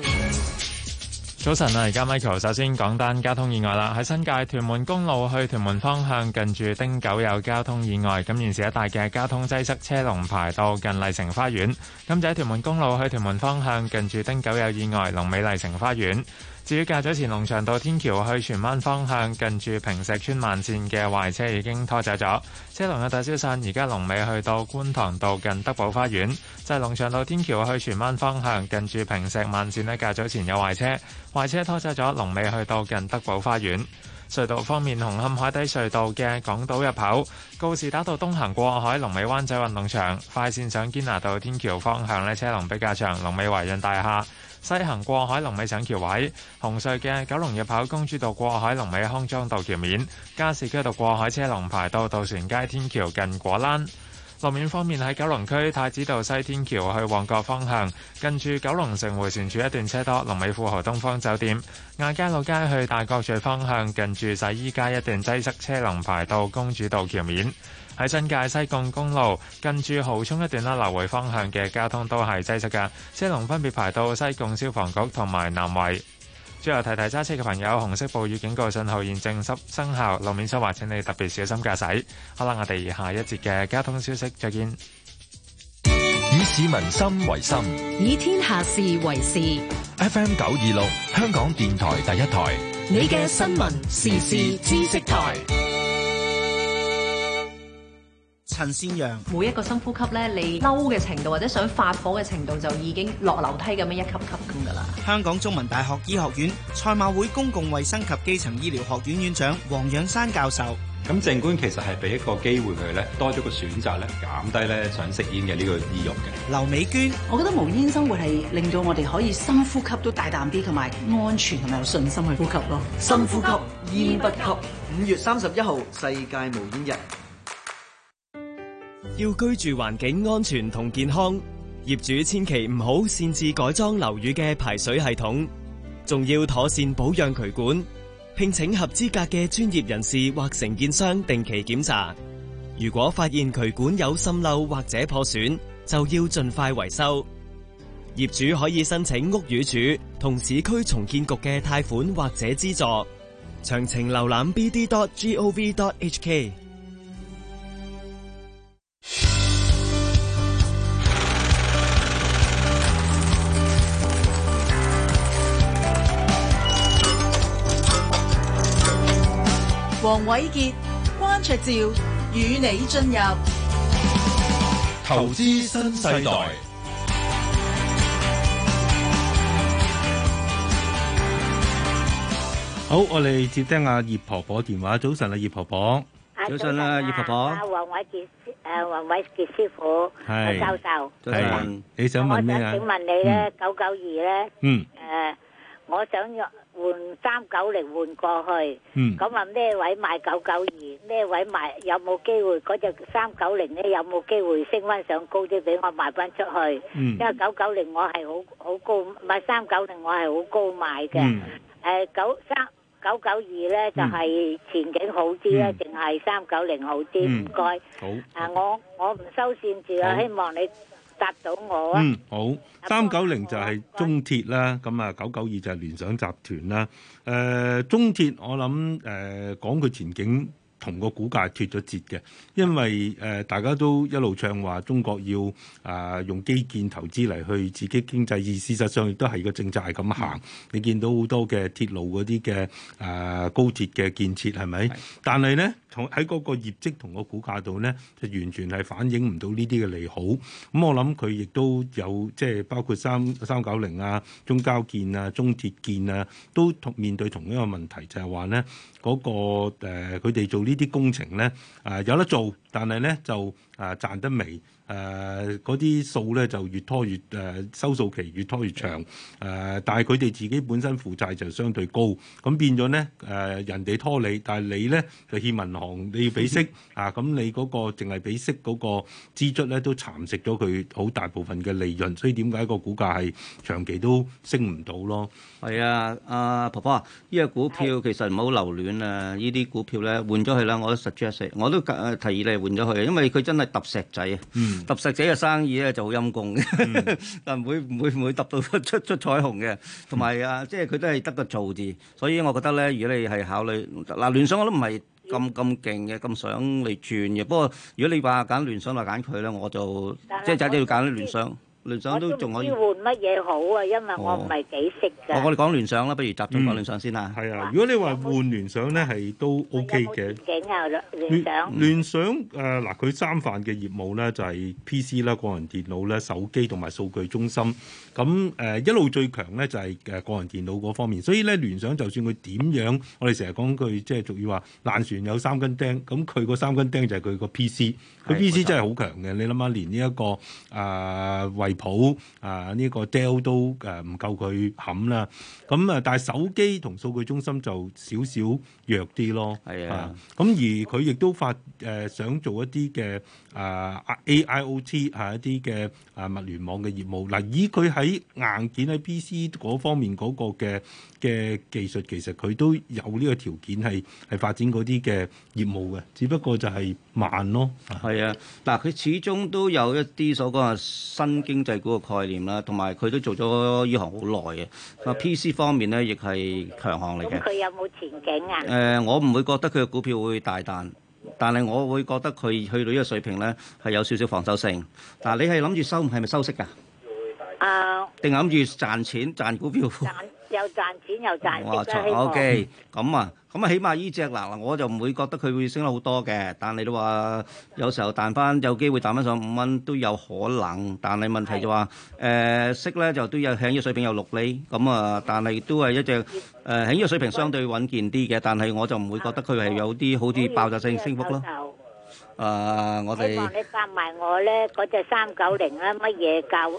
早晨啊，而家 Michael 首先講單交通意外啦。喺新界屯門公路去屯門方向近住丁九有交通意外，咁現時一帶嘅交通擠塞，車龍排到近麗城花園。咁就喺屯門公路去屯門方向近住丁九有意外，龍尾麗城花園。至於較早前龍翔道天橋去荃灣方向，近住平石村慢線嘅壞車已經拖走咗，車龍有大消散。而家龍尾去到觀塘道近德寶花園。就係、是、龍翔道天橋去荃灣方向，近住平石慢線呢，較早前有壞車，壞車拖走咗，龍尾去到近德寶花園。隧道方面，紅磡海底隧道嘅港島入口，告士打道東行過海，龍尾灣仔運動場快線上堅拿道天橋方向呢，車龍比較長，龍尾華潤大廈。西行過海龍尾上橋位，紅隧嘅九龍入口公主道過海龍尾康莊道橋面，加士居道過海車龍排到渡船街天橋近果欄。路面方面，喺九龍區太子道西天橋去旺角方向，近住九龍城回旋處一段車多，龍尾富豪東方酒店，亞皆老街去大角咀方向，近住洗衣街一段擠塞車龍排到公主道橋面。喺新界西貢公路近住蠔涌一段啦，來回方向嘅交通都係擠塞噶。車龍分別排到西貢消防局同埋南圍。最後提提揸車嘅朋友，紅色暴雨警告信號現正生效，路面濕滑，請你特別小心駕駛。好啦，我哋下一節嘅交通消息再見。以市民心為心，以天下事為事。FM 九二六，香港電台第一台，你嘅新聞時事知識台。陳先揚，每一個深呼吸咧，你嬲嘅程度或者想發火嘅程度，就已經落樓梯咁樣一級級咁噶啦。香港中文大學醫學院、賽馬會公共衛生及基層醫療學院院長黃仰山教授，咁正官其實係俾一個機會佢咧，多咗個選擇咧，減低咧想食煙嘅呢個意欲嘅。劉美娟，我覺得無煙生活係令到我哋可以深呼吸都大啖啲，同埋安全同埋有信心去呼吸咯。深呼吸，煙不吸。五月三十一號，世界無煙日。要居住環境安全同健康，業主千祈唔好擅自改裝樓宇嘅排水系統，仲要妥善保養渠管，聘請合資格嘅專業人士或承建商定期檢查。如果發現渠管有滲漏或者破損，就要盡快維修。業主可以申請屋宇署同市區重建局嘅貸款或者資助。詳情瀏覽 bd.gov.hk。黃瑋傑、關焯照與你進入投資新世代。好，我哋接聽阿葉婆婆電話。早晨啊，葉婆婆。早晨啊，葉婆婆。黃瑋傑，誒，黃瑋傑師傅係教授。早晨，你想問咩啊？我想請問你咧，九九二咧，嗯，誒，我想要。換三九零換過去，咁話咩位賣九九二，咩位賣有冇機會？嗰隻三九零咧有冇機會升翻上高啲俾我賣翻出去？嗯、因為九九零我係好好高，唔係三九零我係好高賣嘅。誒、嗯，九三九九二咧就係、係、前景好啲啊，定係三九零好啲？唔該、嗯。煩好。啊，我我唔收線住啊，好希望你。答到我啊！嗯，好。三九零就係中鐵啦，咁啊九九二就係聯想集團啦。誒、呃，中鐵，我諗誒，講佢前景。同個股價脫咗節嘅，因為誒、呃、大家都一路唱話中國要誒、呃、用基建投資嚟去刺激經濟，而事實上亦都係個政策係咁行。是的 你見到好多嘅鐵路嗰啲嘅誒高鐵嘅建設係咪？是的 但係咧，同喺嗰個業績同個股價度咧，就完全係反映唔到呢啲嘅利好。咁、嗯、我諗佢亦都有即係包括三三九零啊、中交建啊、中鐵建啊，都同面對同一個問題，就係話咧嗰個誒佢哋做呢？那個呃呃呢啲工程咧，誒、呃、有得做，但係咧就誒賺、呃、得微。誒嗰啲數咧就越拖越誒、呃、收數期越拖越長誒、呃，但係佢哋自己本身負債就相對高，咁變咗咧誒人哋拖你，但係你咧就欠銀行你要俾息 啊，咁你嗰個淨係俾息嗰個支出咧都蠶食咗佢好大部分嘅利潤，所以點解個股價係長期都升唔到咯？係啊，阿、啊、婆婆呢、這個股票其實唔好留戀啊！呢啲股票咧換咗佢啦，我都 suggest 我都提議你換咗佢，因為佢真係揼石仔啊！嗯。揼石仔嘅生意咧就好陰功嘅，但唔會唔會唔會揼到出出彩虹嘅。同埋啊，即係佢都係得個做字，所以我覺得咧，如果你係考慮嗱、啊、聯想，我都唔係咁咁勁嘅，咁想嚟轉嘅。不過如果你話揀聯想話揀佢咧，我就是即係仔仔要揀啲聯想。聯想都仲可以換乜嘢好啊？因為我唔係幾識噶。我哋講聯想啦，不如集中講聯想先啦。係、嗯、啊，哇如果你話換聯想咧、OK，係都 O K 嘅。聯想聯想誒，嗱佢、呃、三範嘅業務咧就係、是、P C 啦、個人電腦咧、手機同埋數據中心。咁誒、呃、一路最強咧就係誒個人電腦嗰方面。所以咧聯想就算佢點樣，我哋成日講佢即係俗語話爛船有三根釘。咁佢嗰三根釘就係佢個 P C。佢 P C 真係好強嘅。你諗下，連呢、這、一個誒、呃、為鋪啊呢、這個 Dell 都誒唔夠佢冚啦，咁啊但係手機同數據中心就少少弱啲咯，係啊，咁、啊、而佢亦都發誒、呃、想做一啲嘅啊 AIOT 啊一啲嘅啊物聯網嘅業務，嗱、啊，以佢喺硬件喺 PC 嗰方面個嘅嘅技術，其實佢都有呢個條件係係發展啲嘅業務嘅，只不過就係慢咯，係啊，嗱、啊，佢始終都有一啲所講啊新經。經濟股嘅概念啦，同埋佢都做咗呢行好耐嘅。啊、嗯、PC 方面咧，亦係強項嚟嘅。佢、嗯、有冇前景啊？誒、呃，我唔會覺得佢嘅股票會大彈，但係我會覺得佢去到呢個水平咧係有少少防守性。嗱，你係諗住收，係咪收息㗎？啊、呃。定諗住賺錢賺股票。 又賺錢又賺息啦，希望 OK 咁啊，咁啊，起碼呢隻嗱，我就唔會覺得佢會升得好多嘅。但係你話有時候彈翻，有機會彈翻上五蚊都有可能。但係問題就話誒息咧就都有喺呢個水平，有六厘咁啊，但係都係一隻誒喺呢個水平相對穩健啲嘅。但係我就唔會覺得佢係有啲好似爆炸性升幅咯。誒，我哋你夾埋我咧嗰隻三九零啦，乜嘢價？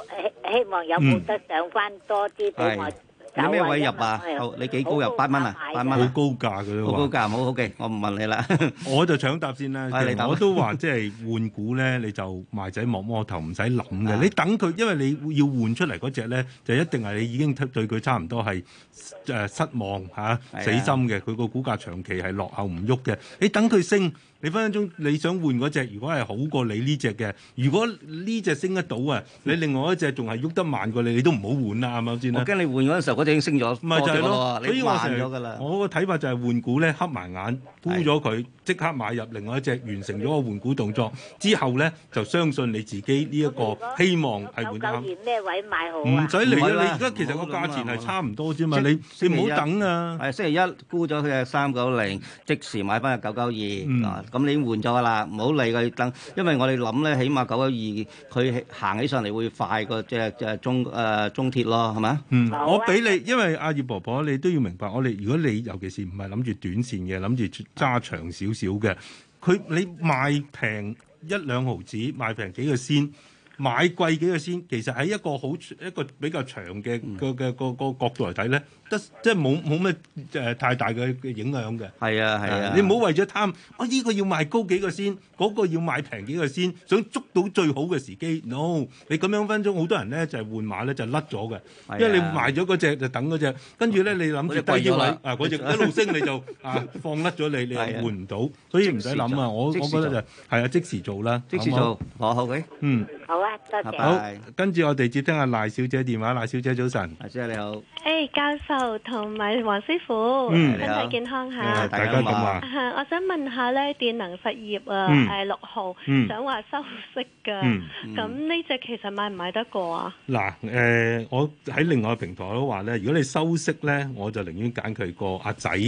希望有冇得上翻多啲俾我。有咩位入啊？好，oh，你幾高入？八蚊啊，八蚊啊，好高價嘅，好高價，好，OK，我唔問你啦。 我就搶答先啦。我都話即係換股咧，你就賣仔摸摸頭，唔使諗嘅。你等佢，因為你要換出嚟嗰隻咧，就一定係你已經對佢差唔多係誒失望吓、啊、死心嘅。佢個股價長期係落後唔喐嘅。你、欸、等佢升。你分分鐘你想換嗰隻，如果係好過你呢隻嘅，如果呢隻升得到啊，你另外一隻仲係喐得慢過你，你都唔好換啦，係咪先？我驚你換嗰陣時候，嗰隻已經升咗，唔係，就係咯，已經慢咗㗎啦。我個睇法就係換股咧，黑埋眼沽咗佢，即的刻買入另外一隻，完成咗個換股動作之後咧，就相信你自己呢一個希望係換。九九二咩位買好？唔使嚟啦，你而家其實個價錢係差唔多啫嘛，你你唔好等啊。係星，星期一沽咗佢係三九零，即時買翻九九二。咁你換咗啦，唔好理佢等，因為我哋諗咧，起碼九一二佢行起上嚟會快過即係即係中誒中鐵咯，係咪？嗯，我俾你，因為阿葉婆婆你都要明白，我哋如果你尤其是唔係諗住短線嘅，諗住揸長少少嘅，佢你賣平一兩毫子，賣平幾個先，買貴幾個先，其實喺一個好一個比較長嘅個嘅個個角度嚟睇咧。即係冇冇咩誒太大嘅嘅影響嘅。係啊係啊，你唔好為咗貪，我呢個要賣高幾個先，嗰個要賣平幾個先，想捉到最好嘅時機，no！你咁樣分中，好多人咧就係換馬咧就甩咗嘅，因為你賣咗嗰隻就等嗰隻，跟住咧你諗住低腰位啊嗰隻一路升你就啊放甩咗你，你係換唔到，所以唔使諗啊！我我覺得就係啊即時做啦，即時做，好好嘅，嗯，好啊，多謝，好，跟住我哋接聽阿賴小姐電話，賴小姐早晨，賴小姐你好。誒，hey, 教授同埋黃師傅，嗯、身體健康吓，好呵大家咁話。我、uh, 嗯、想問下咧，電能實業啊，係六號，想話收息噶。咁呢隻其實買唔買得過啊？嗱，誒、呃，我喺另外平台都話咧，如果你收息咧，我就寧願揀佢個阿仔二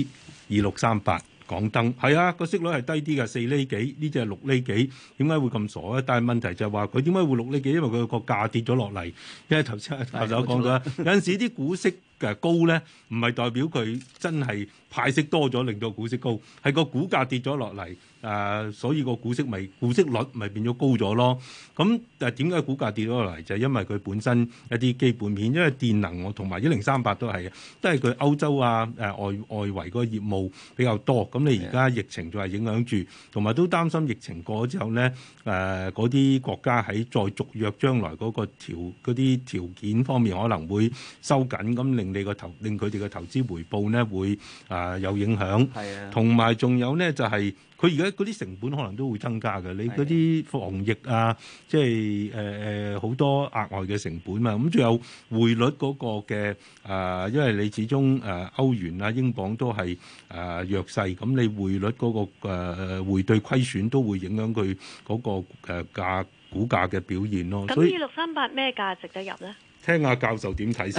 六三八。港燈係啊，個息率係低啲嘅，四厘幾呢隻六厘幾，點解會咁傻咧？但係問題就係話佢點解會六厘幾？因為佢個價跌咗落嚟，因為頭先阿頭頭講咗，哎、呦有陣時啲股息 嘅高咧，唔係代表佢真係派息多咗令到股息高，係個股價跌咗落嚟，誒、呃，所以個股息咪股息率咪變咗高咗咯。咁誒點解股價跌咗落嚟就係、是、因為佢本身一啲基本面，因為電能我同埋一零三八都係係，都係佢歐洲啊誒、呃、外外圍個業務比較多。咁、嗯、你而家疫情仲係影響住，同埋都擔心疫情過咗之後咧，誒、呃、啲國家喺再續約將來嗰個條嗰啲條件方面可能會收緊，咁你。嗯令你個投令佢哋嘅投資回報咧會誒有影響，係啊，同埋仲有咧就係佢而家嗰啲成本可能都會增加嘅，你嗰啲防疫啊，即係誒誒好多額外嘅成本嘛，咁仲有匯率嗰個嘅誒，因為你始終誒歐元啊英鎊都係誒弱勢，咁你匯率嗰個誒匯兌虧損都會影響佢嗰個誒價股價嘅表現咯。咁二六三八咩價值得入咧？聽下教授點睇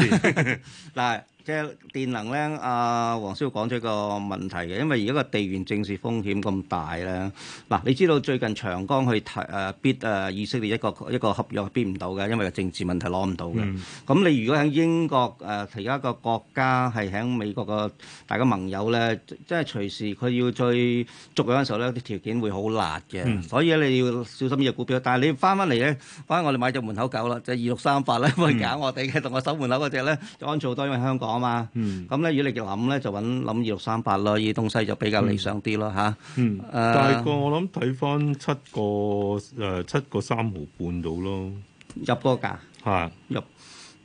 先。即係電能咧，阿黃少講咗個問題嘅，因為而家個地緣政治風險咁大咧。嗱，你知道最近長江去投誒 bid 誒以色列一個一個合約 bid 唔到嘅，因為個政治問題攞唔到嘅。咁你如果喺英國誒，其他個國家係喺美國個大家盟友咧，即係隨時佢要再續約嘅時候咧，啲條件會好辣嘅。所以你要小心呢隻股票。但係你翻翻嚟咧，翻我哋買隻門口狗啦，就二六三八啦，因為搞我哋嘅同我守門口嗰隻咧安全好多，因為香港。啊嘛，咁咧如果你諗咧就搵諗二六三八咯，呢啲東西就比較理想啲咯嚇。嗯，大個我諗睇翻七個誒、呃、七個三毫半度咯，入波價嚇入，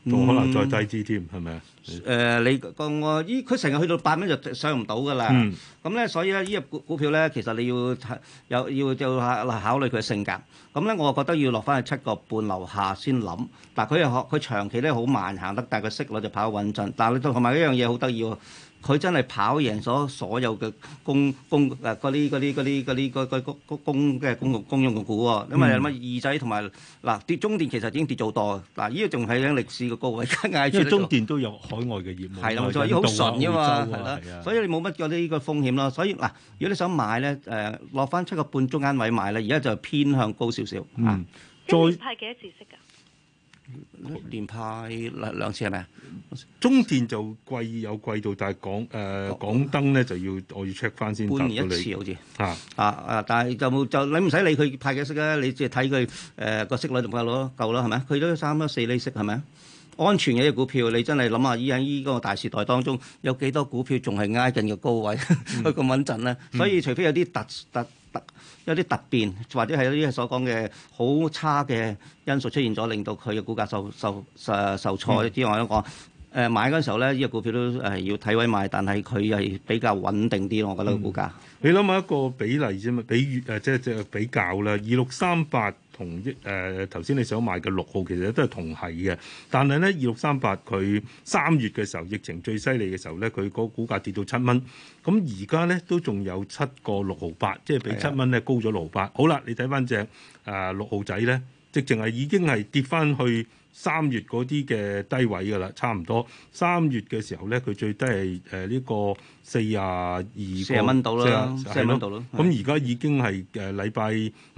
仲可能再低啲添，係咪啊？是誒、嗯呃、你講我依佢成日去到八蚊就上唔到㗎啦，咁咧、嗯嗯、所以咧依入股股票咧，其實你要有要就考考慮佢嘅性格。咁、嗯、咧我覺得要落翻去七個半樓下先諗。但係佢又佢長期咧好慢行得，但係佢息率就跑穩陣。但你同埋一樣嘢好得意喎。佢真係跑贏所所有嘅、啊、公公誒嗰啲嗰啲嗰啲啲嗰嗰個供嘅公用公用股喎、啊，因為諗二仔同埋嗱跌中電其實已經跌咗好多，嗱、啊、呢、呢個仲係喺歷史嘅高位，因為中電都有海外嘅業務，係啦冇錯，呢好純㗎嘛，係啦，所以你冇乜嗰啲個風險咯。所以嗱，如果你想買咧，誒落翻七個半中間位買啦，而家就偏向高少少嚇。跟住幾多字息啊？連派兩兩次係咪啊？是是中電就貴有貴到，但係港誒港燈咧就要我要 check 翻先。半年一次好似嚇嚇啊！但係就就你唔使理佢派幾息啦，你即係睇佢誒個息率同價攞夠啦，係咪？佢都三蚊四厘息係咪？安全嘅啲股票，你真係諗下依喺呢個大時代當中有幾多股票仲係挨近個高位佢咁穩陣咧？所以除非有啲突突。有啲突變，或者係有啲所講嘅好差嘅因素出現咗，令到佢嘅股價受受誒受，受，受挫之外，嗯、我個誒買嗰陣時候咧，呢、這個股票都誒要睇位買，但係佢係比較穩定啲，嗯、我覺得個股價。你諗下一個比例啫嘛，比誒、呃、即係即係比較啦，二六三八。同億誒頭先你想買嘅六號其實都係同係嘅，但係咧二六三八佢三月嘅時候疫情最犀利嘅時候咧，佢個股價跌到七蚊，咁而家咧都仲有七個六毫八，即係比七蚊咧高咗六毫八。好啦，你睇翻隻啊六號仔咧，直情淨係已經係跌翻去。三月嗰啲嘅低位噶啦，差唔多三月嘅時候咧，佢最低係誒呢個四廿二，四廿二蚊到啦，四蚊到啦。咁而家已經係誒禮拜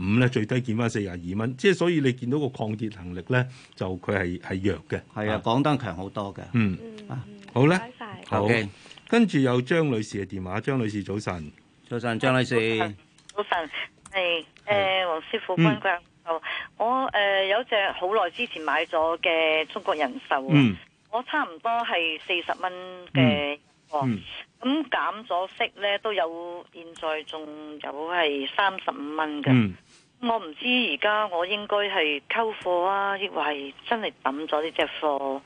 五咧，最低見翻四廿二蚊，即係所以你見到個抗跌能力咧，就佢係係弱嘅。係啊，港燈強好多噶。嗯，好咧。好，跟住有張女士嘅電話，張女士早晨，早晨，張女士，早晨，係誒黃師傅關好、哦，我誒、呃、有隻好耐之前買咗嘅中國人壽啊，嗯、我差唔多係四十蚊嘅貨，咁減咗息咧都有，現在仲有係三十五蚊嘅。嗯、我唔知而家我應該係溝貨啊，亦或係真係抌咗呢隻貨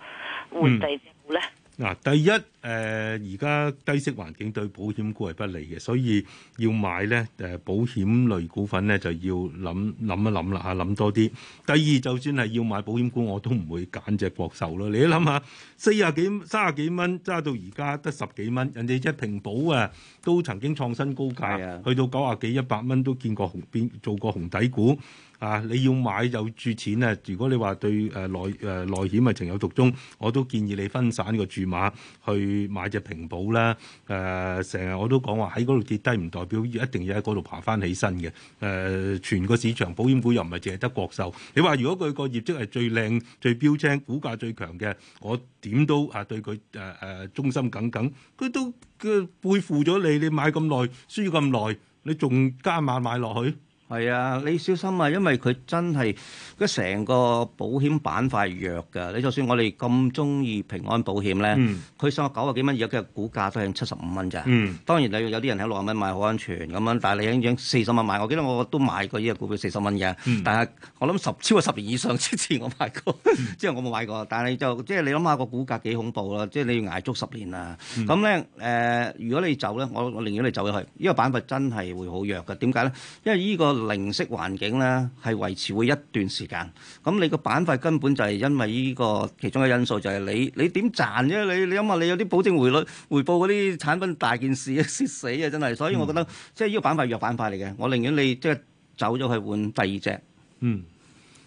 換第隻好咧？嗯嗯嗱，第一，誒而家低息環境對保險股係不利嘅，所以要買咧，誒、呃、保險類股份咧就要諗諗一諗啦，嚇諗多啲。第二，就算係要買保險股，我都唔會揀隻國壽咯。你諗下，四廿幾、三十幾蚊揸到而家得十幾蚊，人哋一平保啊都曾經創新高價，啊、去到九十幾、一百蚊都見過紅，變做過紅底股。啊！你要買有注錢咧、啊，如果你話對誒內誒內險咪情有獨鍾，我都建議你分散個注碼去買隻平保啦。誒、呃，成日我都講話喺嗰度跌低唔代表一定要喺嗰度爬返起身嘅。誒、呃，全個市場保險股又唔係淨係得國壽。你話如果佢個業績係最靚最標青，股價最強嘅，我點都嚇對佢誒誒忠心耿耿。佢都佢背負咗你，你買咁耐，輸咁耐，你仲加碼買落去？係啊，你小心啊，因為佢真係佢成個保險板塊弱㗎。你就算我哋咁中意平安保險咧，佢、嗯、上九啊幾蚊而家嘅股價都係七十五蚊咋。嗯、當然你有啲人喺六啊蚊買好安全咁樣，但係你已喺四十蚊買，我記得我都買過呢個股票四、嗯、十蚊嘅。但係我諗十超過十年以上之前我買過，即係、嗯、 我冇買過。但係就即係你諗下個股價幾恐怖啦，即係你要捱足十年啊。咁咧誒，如果你走咧，我我寧願你走咗去，呢個板塊真係會好弱㗎。點解咧？因為呢個。零息環境咧係維持會一段時間，咁你個板塊根本就係因為呢個其中嘅因素，就係你你點賺啫？你你諗下你，你有啲保證匯率回報嗰啲產品大件事蝕死啊！真係，所以我覺得、嗯、即係呢個板塊弱板塊嚟嘅，我寧願你即係走咗去換第二隻。嗯，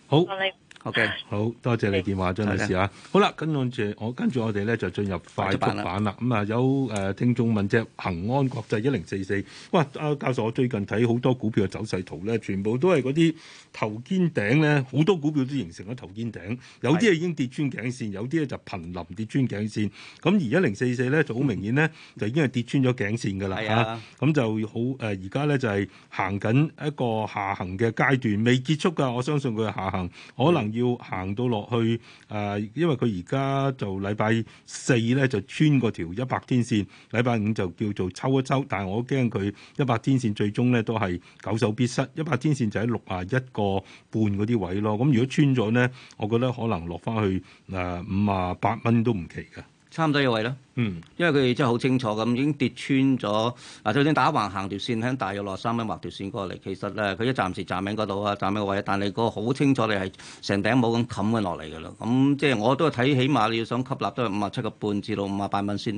好。O.K. 好多謝你電話張女士啊！好啦，跟住我跟住我哋咧就進入快報版啦。咁啊、嗯、有誒聽眾問隻恒安國際一零四四哇！阿教授，我最近睇好多股票嘅走勢圖咧，全部都係嗰啲頭肩頂咧，好多股票都形成咗頭肩頂。有啲係已經跌穿頸線，有啲咧就瀕臨跌穿頸線。咁而一零四四咧就好明顯咧，嗯、就已經係跌穿咗頸線噶啦嚇。咁、哎、呀就好誒，而家咧就係行緊一個下行嘅階段，未結束噶。我相信佢係下行可能、嗯。要行到落去，誒、呃，因為佢而家就禮拜四咧就穿過條一百天線，禮拜五就叫做抽一抽，但係我驚佢一百天線最終咧都係久守必失，一百天線就喺六啊一個半嗰啲位咯，咁、呃、如果穿咗咧，我覺得可能落翻去誒、呃、五啊八蚊都唔奇㗎，差唔多嘅位咯。嗯， 因為佢真係好清楚咁，已經跌穿咗啊！就算打橫行條線喺大約落三蚊畫條線過嚟，其實咧佢一暫時站喺嗰度啊，站喺個位，但係你個好清楚你係成頂帽咁冚緊落嚟㗎啦。咁、嗯、即係我都係睇，起碼你要想吸納都係五啊七個半至到五啊八蚊先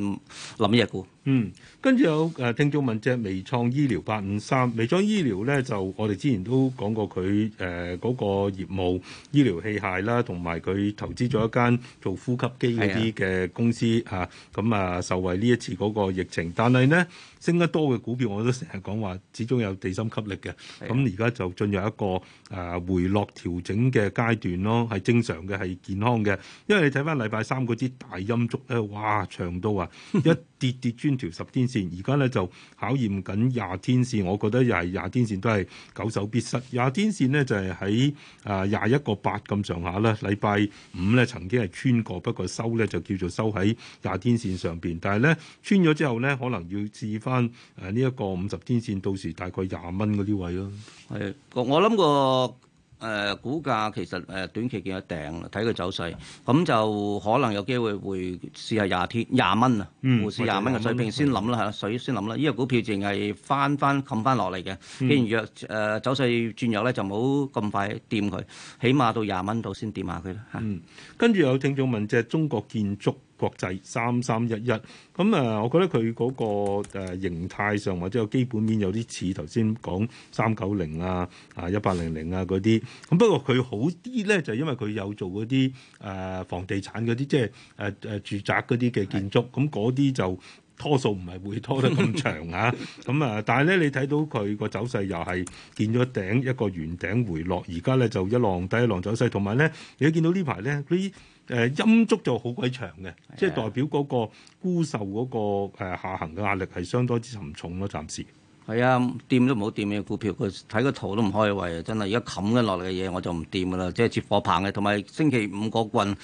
諗入股。嗯，跟住有誒聽眾問隻微創醫療八五三，微創醫療咧就我哋之前都講過佢誒嗰個業務醫療器械啦，同埋佢投資咗一間做呼吸機嗰啲嘅公司嚇咁。嗯啊！受惠呢一次嗰個疫情，但係咧。升得多嘅股票，我都成日講話，始終有地心吸力嘅。咁而家就進入一個誒回落調整嘅階段咯，係正常嘅，係健康嘅。因為你睇翻禮拜三嗰支大陰燭咧，哇長到啊一跌，跌跌穿條十天線，而家咧就考驗緊廿天線，我覺得又係廿天線都係久守必失。廿天線咧就係喺誒廿一個八咁上下啦。禮拜五咧曾經係穿過，不過收咧就叫做收喺廿天線上邊，但係咧穿咗之後咧，可能要試翻。翻誒呢一個五十天線，到時大概廿蚊嗰啲位咯。係，我諗個誒股價其實誒、呃、短期見有頂啦，睇佢走勢，咁就可能有機會會試下廿天廿蚊啊，試廿蚊嘅水平先諗啦嚇，水先諗啦。呢、這個股票淨係翻翻冚翻落嚟嘅，既然若誒、呃、走勢轉弱咧，就唔好咁快掂佢，起碼到廿蚊度先掂下佢啦嚇。跟住有聽眾問隻中國建築。國際三三一一咁啊，我覺得佢嗰個誒形態上或者個基本面有啲似頭先講三九零啊、啊一八零零啊嗰啲。咁不過佢好啲咧，就因為佢有做嗰啲誒房地產嗰啲，即係誒誒住宅嗰啲嘅建築。咁嗰啲就拖數唔係會拖得咁長啊。咁 啊，但係咧，你睇到佢個走勢又係見咗頂一個圓頂回落，而家咧就一浪低一浪走勢。同埋咧，你見到呢排咧啲。誒陰燭就好鬼長嘅，的即係代表嗰個沽售嗰個誒下行嘅壓力係相當之沉重咯，暫時係啊，掂都唔好掂嘅股票，佢睇個圖都唔開胃啊，真係而家冚緊落嚟嘅嘢我就唔掂噶啦，即係接火棒嘅，同埋星期五個棍。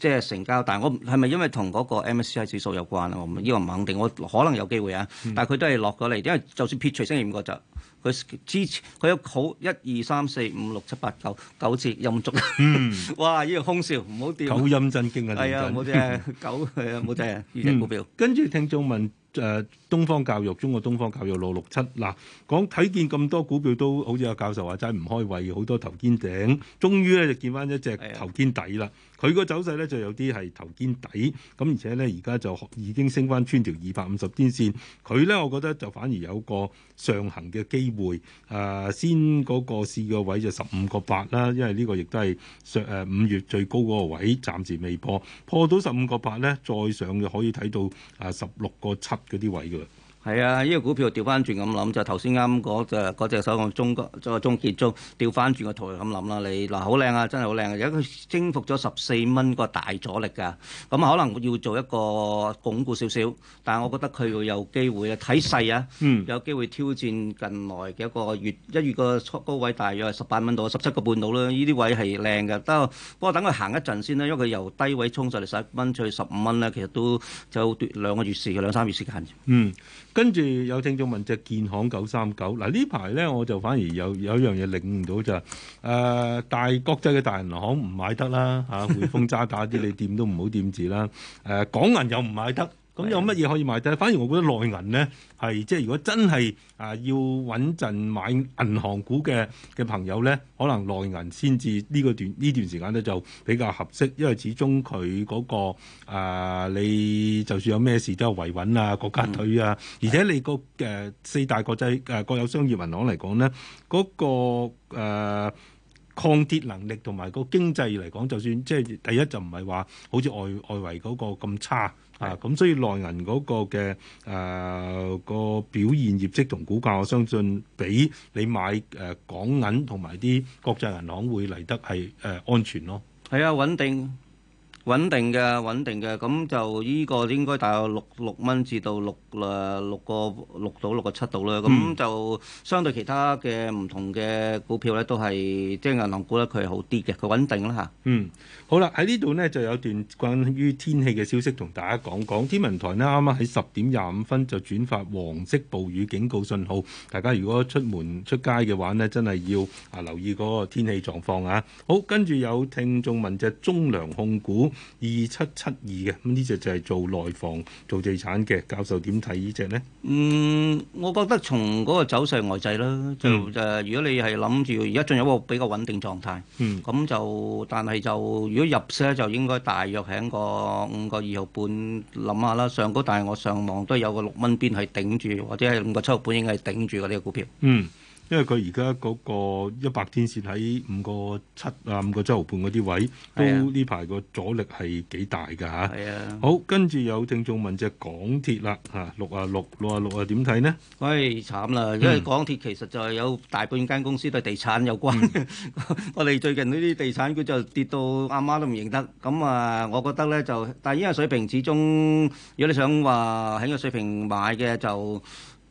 即係成交，但係我係咪因為同嗰個 MSCI 指數有關啊？我呢個唔肯定，我可能有機會啊。但係佢都係落咗嚟，因為就算撇除星期五嗰隻，佢之前佢有好一二三四五六七八九九次陰燭，嗯、哇！呢個空笑唔好跌，九陰真經啊！係啊，嗯，冇錯，九係啊，冇錯啊，預期目標。跟住聽眾問誒，東方教育，中國東方教育六六七嗱，講睇見咁多股票都好似阿教授話齋唔開胃，好多頭肩頂，終於咧就見翻一隻頭肩底啦。啊。佢個走勢咧就有啲係頭肩底，咁而且咧而家就已經升翻穿條二百五十天線，佢咧我覺得就反而有個上行嘅機會。誒、呃，先嗰個市個位就十五個八啦，因為呢個亦都係誒五月最高個位，暫時未破。破到十五個八咧，再上就可以睇到誒十六個七嗰啲位噶啦。係啊，呢、這個股票調翻轉咁諗，就頭先啱嗰隻嗰隻手個中國再終結中，調翻轉個圖就咁諗啦。你嗱好靚啊，真係好靚啊！而家佢征服咗十四蚊個大阻力㗎，咁可能要做一個鞏固少少，但係我覺得佢會有機會啊！睇細啊，有機會挑戰近來嘅一個月一月個高位，大約係十八蚊到十七個半度啦。呢啲位係靚嘅，不過不過等佢行一陣先啦，因為佢由低位衝上嚟十一蚊出去十五蚊呢，其實都就兩個月時兩三月時間。嗯。跟住有聽眾問隻建行九三九，嗱呢排咧，我就反而有有樣嘢領悟到就係，誒、呃、大國際嘅大銀行唔買得啦嚇，匯、啊、豐渣打啲 你掂都唔好掂字啦，誒、呃、港銀又唔買得。咁有乜嘢可以買得？但係反而我覺得內銀咧係即係，如果真係啊、呃、要穩陣買銀行股嘅嘅朋友咧，可能內銀先至呢個段呢段時間咧就比較合適，因為始終佢嗰、嗰個啊、呃，你就算有咩事都係維穩啊，國家隊啊，嗯、而且你、那個誒是的、呃、四大國際誒、呃、國有商業銀行嚟講咧，嗰、嗰個、呃、抗跌能力同埋個經濟嚟講，就算即係第一就唔係話好似外外圍嗰個咁差。啊，咁所以內銀嗰個嘅誒、呃嗰個表現業績同股價，我相信比你買誒、呃、港銀同埋啲國際銀行會嚟得係誒、呃、安全咯。係啊，穩定。穩定嘅，穩定嘅，咁就呢個應該大約六六蚊至到六誒六個六到六個七度啦。咁、嗯、就相對其他嘅唔同嘅股票咧，都係即係銀行股咧，佢係好啲嘅，佢穩定啦吓，嗯，好啦，喺呢度呢，就有段關於天氣嘅消息同大家講講。天文台呢，啱啱喺十點廿五分就轉發黃色暴雨警告信號，大家如果出門出街嘅話呢，真係要啊留意嗰個天氣狀況啊。好，跟住有聽眾問隻中糧控股。二七七二嘅，咁呢隻就係做內房做地產嘅教授，點睇呢隻呢？嗯，我覺得從嗰個走勢嚟睇啦，就誒，嗯、如果你係諗住而家進入一個比較穩定狀態，咁、嗯、就但係就如果入市咧，就應該大約喺個五個二毫半，諗下啦。上高但係我上望都有個六蚊邊係頂住，或者係五個七毫半應該係頂住嘅呢個股票。嗯。因為佢而家嗰個一百天線喺五個七啊五個七毫半嗰啲位，都呢排個阻力係幾大嘅嚇。好，跟住有聽眾問隻港鐵啦嚇，六啊六六啊六啊點睇呢？喂，慘啦！因為港鐵其實就係有大半間公司對地產有關嘅。我哋最近呢啲地產佢就跌到阿媽都唔認得。咁啊，我覺得咧就，但係依個水平始終，如果你想話喺依個水平買嘅就，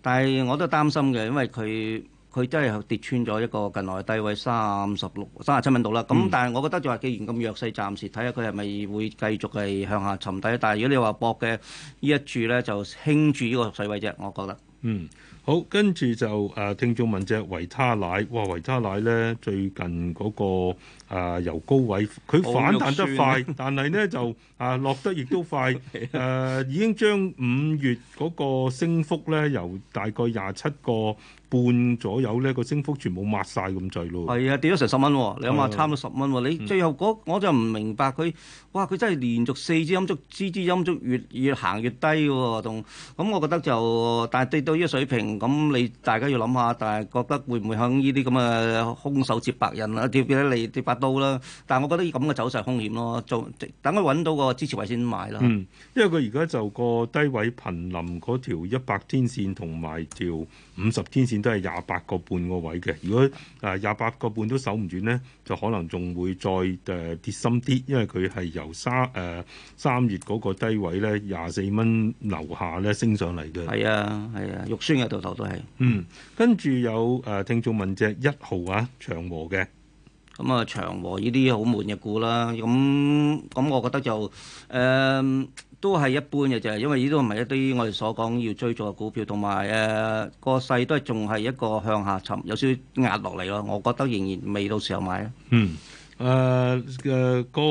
但係我都擔心嘅，因為佢。佢真係跌穿咗一個近來低位三十六、三十七蚊度啦。咁但係我覺得就話，既然咁弱勢，暫時睇下佢係咪會繼續係向下沉底。但係如果你話博嘅呢一注呢，就輕住呢個水位啫。我覺得嗯。好，跟住就誒，聽眾問隻維他奶，哇，維他奶咧最近嗰、那個由高、呃、位，佢反彈得快，但係呢就啊落、呃、得亦都快，誒、呃、已經將五月嗰個升幅咧由大概廿七個半左右呢個升幅全部抹晒咁滯咯。係啊，跌咗成十蚊喎、哦，你諗下差唔多十蚊喎、哦，嗯、你最後嗰、那個、我就唔明白佢，哇，佢真係連續四支陰燭，支支陰燭越越行越低喎、哦，同咁我覺得就但係跌到呢個水平。咁你大家要諗下，但係覺得會唔會響呢啲咁嘅空手接白刃啊？跌跌嚟跌把刀啦？但係我覺得咁嘅走勢風險咯，就等佢揾到個支持位先買啦。嗯，因為佢而家就個低位瀕臨嗰條一百天線同埋條五十天線都係廿八個半個位嘅。如果誒廿八個半都守唔住呢，就可能仲會再誒跌深啲，因為佢係由三誒三月嗰個低位咧廿四蚊樓下咧升上嚟嘅。係啊，係啊，肉酸喺度。頭都係，嗯，跟住有誒、呃、聽眾問隻一號啊長和嘅，咁啊、嗯、長和呢啲好悶嘅股啦，咁咁我覺得就誒都係一般嘅啫，因為呢都唔係一啲我哋所講要追做嘅股票，同埋誒個勢都係仲係一個向下沉，有少少壓落嚟咯，我覺得仍然未到時候買啊。嗯。誒嘅、呃呃、個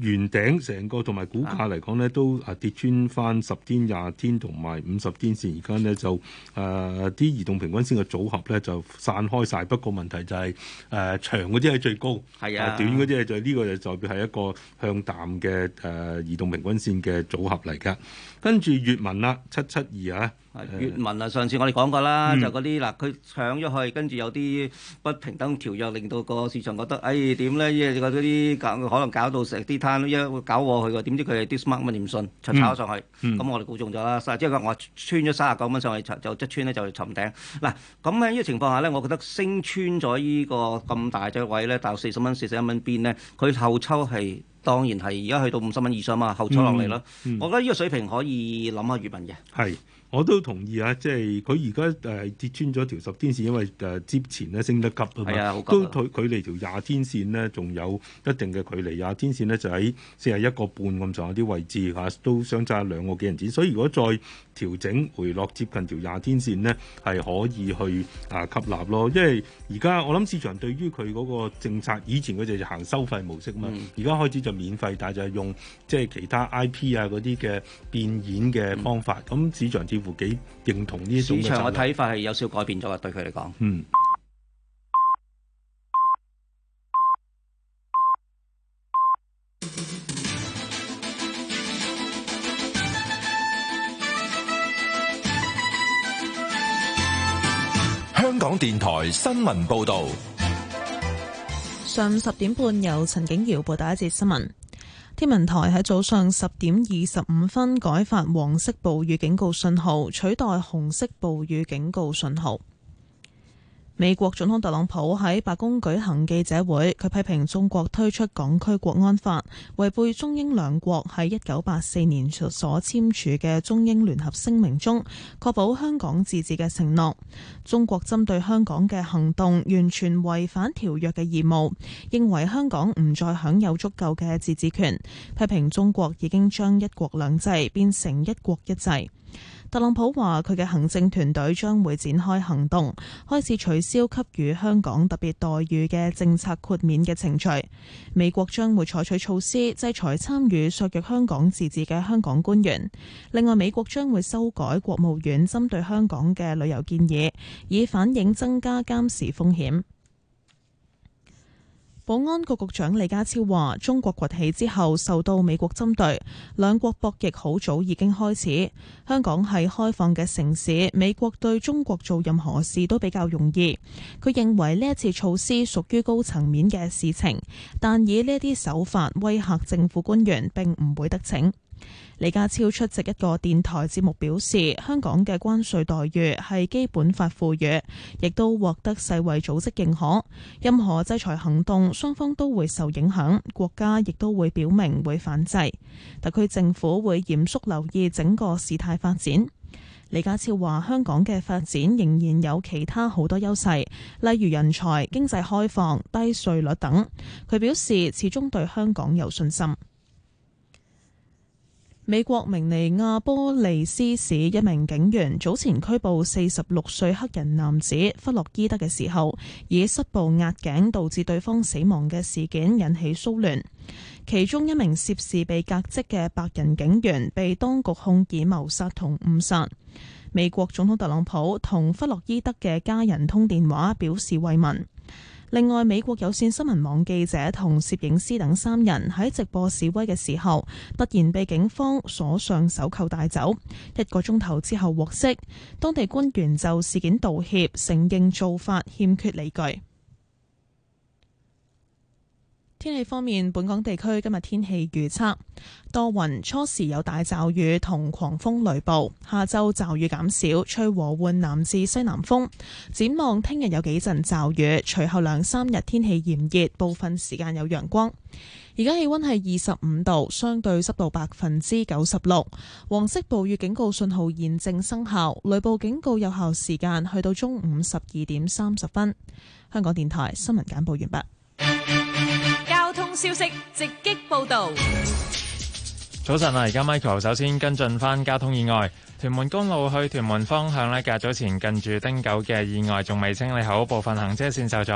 圓頂成個同埋股價嚟講咧，都啊跌穿翻十天、廿天同埋五十天線，而家咧就誒啲、呃、移動平均線嘅組合咧就散開晒。不過問題就係、是、誒、呃、長嗰啲係最高，係啊，短嗰啲就呢個就代表係一個向淡嘅誒、呃、移動平均線嘅組合嚟㗎。跟住閱文啦，七七二啊。粵文啊！上次我哋講過啦，嗯、就嗰啲嗱，佢搶咗去，跟住有啲不平等條約，令到個市場覺得誒點咧？因為嗰啲搞可能搞到成啲攤都一搞過去個點知佢哋 discount 乜唔信，就炒咗上去。咁、嗯嗯、我哋估中咗啦，即係我穿咗三十九蚊上去，就即穿咧就沉頂嗱。咁喺呢個情況下咧，我覺得升穿咗呢個咁大隻位咧，到四十蚊、四十一蚊邊咧，佢後抽係當然係而家去到五十蚊以上啊嘛，後抽落嚟咯。嗯嗯、我覺得呢個水平可以諗下粵文嘅係。我都同意啊！即係佢而家誒跌穿咗條十天線，因為誒接、呃、前咧升得急啊嘛，的都距距離條廿天線咧仲有一定嘅距離廿、啊、天線咧就喺四十一個半咁上下啲位置吓、啊、都相差兩個幾銀錢，所以如果再調整回落接近條廿天線咧，係可以去啊吸納咯。因為而家我諗市場對於佢嗰個政策，以前佢就係行收費模式啊嘛，而家、嗯、開始就免費，但係就係用即係其他 I P 啊嗰啲嘅變現嘅方法。咁市場。嗯似乎幾認同呢種市場嘅睇法，係有少改變咗嘅。對佢嚟講，嗯。香港電台新聞報道，上午十點半由陳景瑤播報一節新聞。天文台喺早上十點二十五分改發黃色暴雨警告信號，取代紅色暴雨警告信號。美國總統特朗普喺白宮舉行記者會，佢批評中國推出港區國安法，違背中英兩國喺一九八四年所簽署嘅中英聯合聲明中確保香港自治嘅承諾。中國針對香港嘅行動完全違反條約嘅義務，認為香港唔再享有足夠嘅自治權，批評中國已經將一國兩制變成一國一制。特朗普話：佢嘅行政團隊將會展開行動，開始取消給予香港特別待遇嘅政策豁免嘅程序。美國將會採取措施制裁參與削弱香港自治嘅香港官員。另外，美國將會修改國務院針對香港嘅旅遊建議，以反映增加監視風險。保安局局長李家超話：中國崛起之後受到美國針對，兩國博弈好早已經開始。香港係開放嘅城市，美國對中國做任何事都比較容易。佢認為呢一次措施屬於高層面嘅事情，但以呢啲手法威吓政府官員，並唔會得逞。李家超出席一個電台節目，表示香港嘅關稅待遇係基本法賦予，亦都獲得世衛組織認可。任何制裁行動，雙方都會受影響，國家亦都會表明會反制。特區政府會嚴肅留意整個事態發展。李家超話：香港嘅發展仍然有其他好多優勢，例如人才、經濟開放、低稅率等。佢表示始終對香港有信心。美國明尼阿波利斯市，一名警員早前拘捕四十六歲黑人男子弗洛伊德嘅時候，以膝部壓頸導致對方死亡嘅事件引起騷亂。其中一名涉事被革職嘅白人警員被當局控以謀殺同誤殺。美國總統特朗普同弗洛伊德嘅家人通電話，表示慰問。另外，美國有線新聞網記者同攝影師等三人喺直播示威嘅時候，突然被警方鎖上手扣帶走。一個鐘頭之後獲釋，當地官員就事件道歉，承認做法欠缺理據。天氣方面，本港地區今日天，天氣預測，多雲，初時有大驟雨同狂風雷暴。下晝驟雨減少，吹和緩南至西南風。展望聽日有幾陣驟雨，隨後兩三日天氣炎熱，部分時間有陽光。而家氣溫係二十五度，相對濕度百分之九十六。黃色暴雨警告信號現正生效，雷暴警告有效時間去到中午十二點三十分。香港電台新聞簡報完畢。消息直擊報道。早晨啊，而家 Michael 首先跟進翻交通意外。屯門公路去屯門方向呢，較早前近住丁九嘅意外仲未清理好，部分行車線受阻，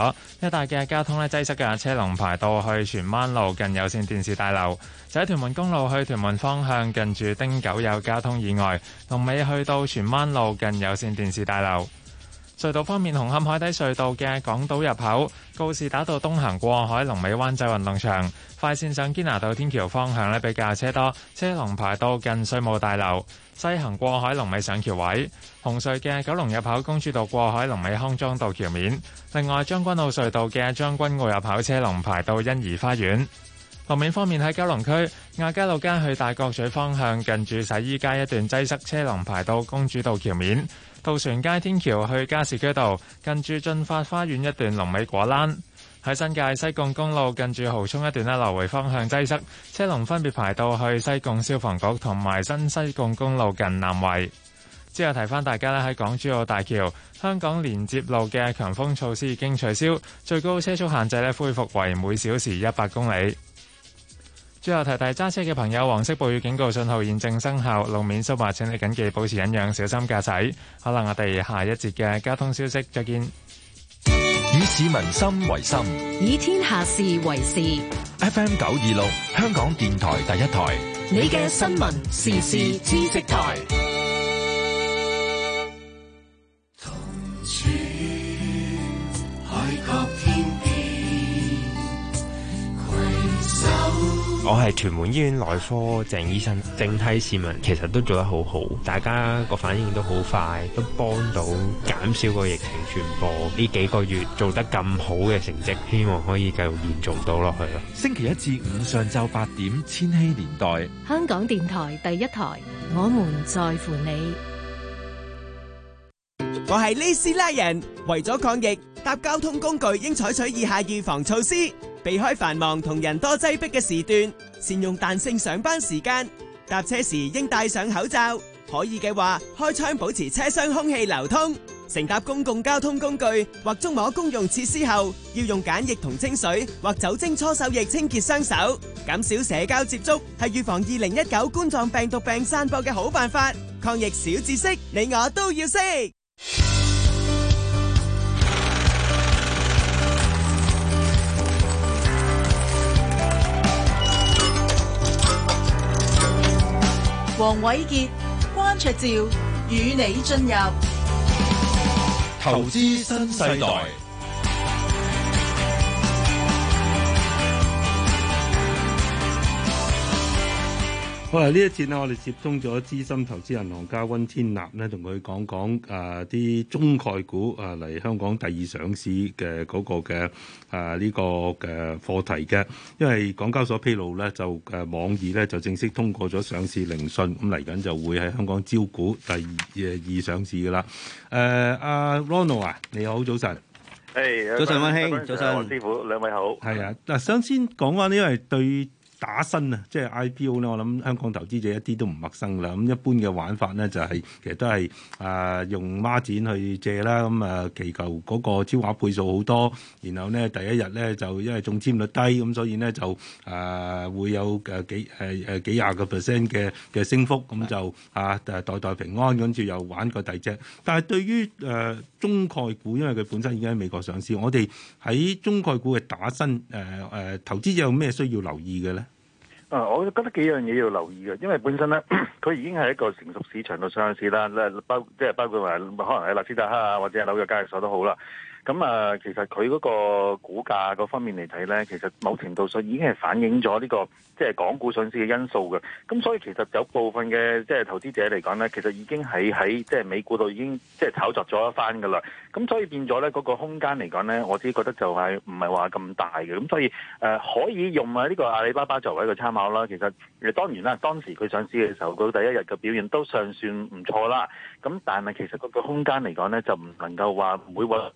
一帶嘅交通呢，擠塞嘅車龍排到去荃灣路近有綫電視大樓。就喺屯門公路去屯門方向近住丁九有交通意外，龍尾去到荃灣路近有綫電視大樓。隧道方面，紅磡海底隧道嘅港島入口告士打道東行過海龍尾灣仔運動場，快線上堅拿道天橋方向咧，比較車多，車龍排到近稅務大樓，西行過海龍尾上橋位。紅隧嘅九龍入口公主道過海龍尾康莊道橋面。另外，將軍澳隧道嘅將軍澳入口車龍排到欣怡花園。路面方面，喺九龍區亞皆老街去大角咀方向，近住洗衣街一段擠塞，車龍排到公主道橋面。渡船街天橋去加士居道近住駿發花園一段龍尾果欄。喺新界西貢公路近住蠔涌一段咧，南圍方向擠塞，車龍分別排到去西貢消防局同埋新西貢公路近南圍。之後提翻大家咧，喺港珠澳大橋香港連接路嘅強風措施已經取消，最高車速限制咧恢復為每小時一百公里。最後提提揸車嘅朋友，黃色暴雨警告信號現正生效，路面濕滑，請你謹記保持忍讓，小心駕駛。好啦，我哋下一節嘅交通消息，再見。以市民心為心，以天下事為事。FM 九二六，香港電台第一台，你嘅新聞時事知識台。我係屯門醫院內科鄭醫生，整體市民其實都做得好好，大家個反應都好快，都幫到減少個疫情傳播。呢幾個月做得咁好嘅成績，希望可以繼續延續到落去咯。星期一至五上晝八點，千禧年代，香港電台第一台，我們在乎你。我係 Lisa 人，為咗抗疫，搭交通工具應採取以下預防措施：避開繁忙同人多擠逼嘅時段，善用彈性上班時間。搭車時應戴上口罩，可以嘅話開窗保持車廂空氣流通。乘搭公共交通工具或觸摸公用設施後，要用梘液同清水或酒精搓手液清潔雙手。減少社交接觸，係預防2019冠狀病毒病散播嘅好辦法。抗疫小知識，你我都要識。黃瑋傑、關焯照與你進入投資新世代。好係、啊、呢一節咧，我哋接通咗資深投資銀行家溫天納咧，同佢講講誒啲中概股啊嚟香港第二上市嘅嗰個嘅誒呢個嘅課題嘅，因為港交所披露咧就誒、啊、網易咧就正式通過咗上市聆訊，咁嚟緊就會喺香港招股第二誒二上市噶啦。誒、呃，阿、啊、Ronald 啊，你好早晨，誒，早晨溫兄，早晨，師傅兩位好，係啊。嗱、啊，想先講翻，因為對。打新啊，即、就、係、是、IPO 咧，我諗香港投資者一啲都唔陌生噶啦。咁一般嘅玩法咧就係、是，其實都係誒、呃、用孖展去借啦。咁、嗯、啊，祈求嗰個超額倍數好多，然後咧第一日咧就因為中籤率低，咁所以咧就誒、呃、會有誒幾誒誒、呃、幾廿個 percent 嘅嘅升幅，咁就啊、呃、代代平安，跟住又玩過第二隻。但係對於誒、呃、中概股，因為佢本身已經喺美國上市，我哋喺中概股嘅打新誒誒、呃、投資者有咩需要留意嘅咧？啊、嗯！我覺得幾樣嘢要留意嘅，因為本身咧，佢已經係一個成熟市場嘅上市啦。咧包即係包括埋可能係納斯達克啊，或者係紐約交易所都好啦。咁啊、嗯，其實佢嗰個股價嗰方面嚟睇咧，其實某程度上已經係反映咗呢、這個即係港股上市嘅因素嘅。咁所以其實有部分嘅即係投資者嚟講咧，其實已經係喺即係美股度已經即係炒作咗一番嘅啦。咁所以變咗咧，嗰個空間嚟講咧，我自己覺得就係唔係話咁大嘅。咁所以誒、呃、可以用啊呢個阿里巴巴作為一個參考啦。其實當然啦，當時佢上市嘅時候，佢第一日嘅表現都尚算唔錯啦。咁但係其實嗰個空間嚟講咧，就唔能夠話唔會話。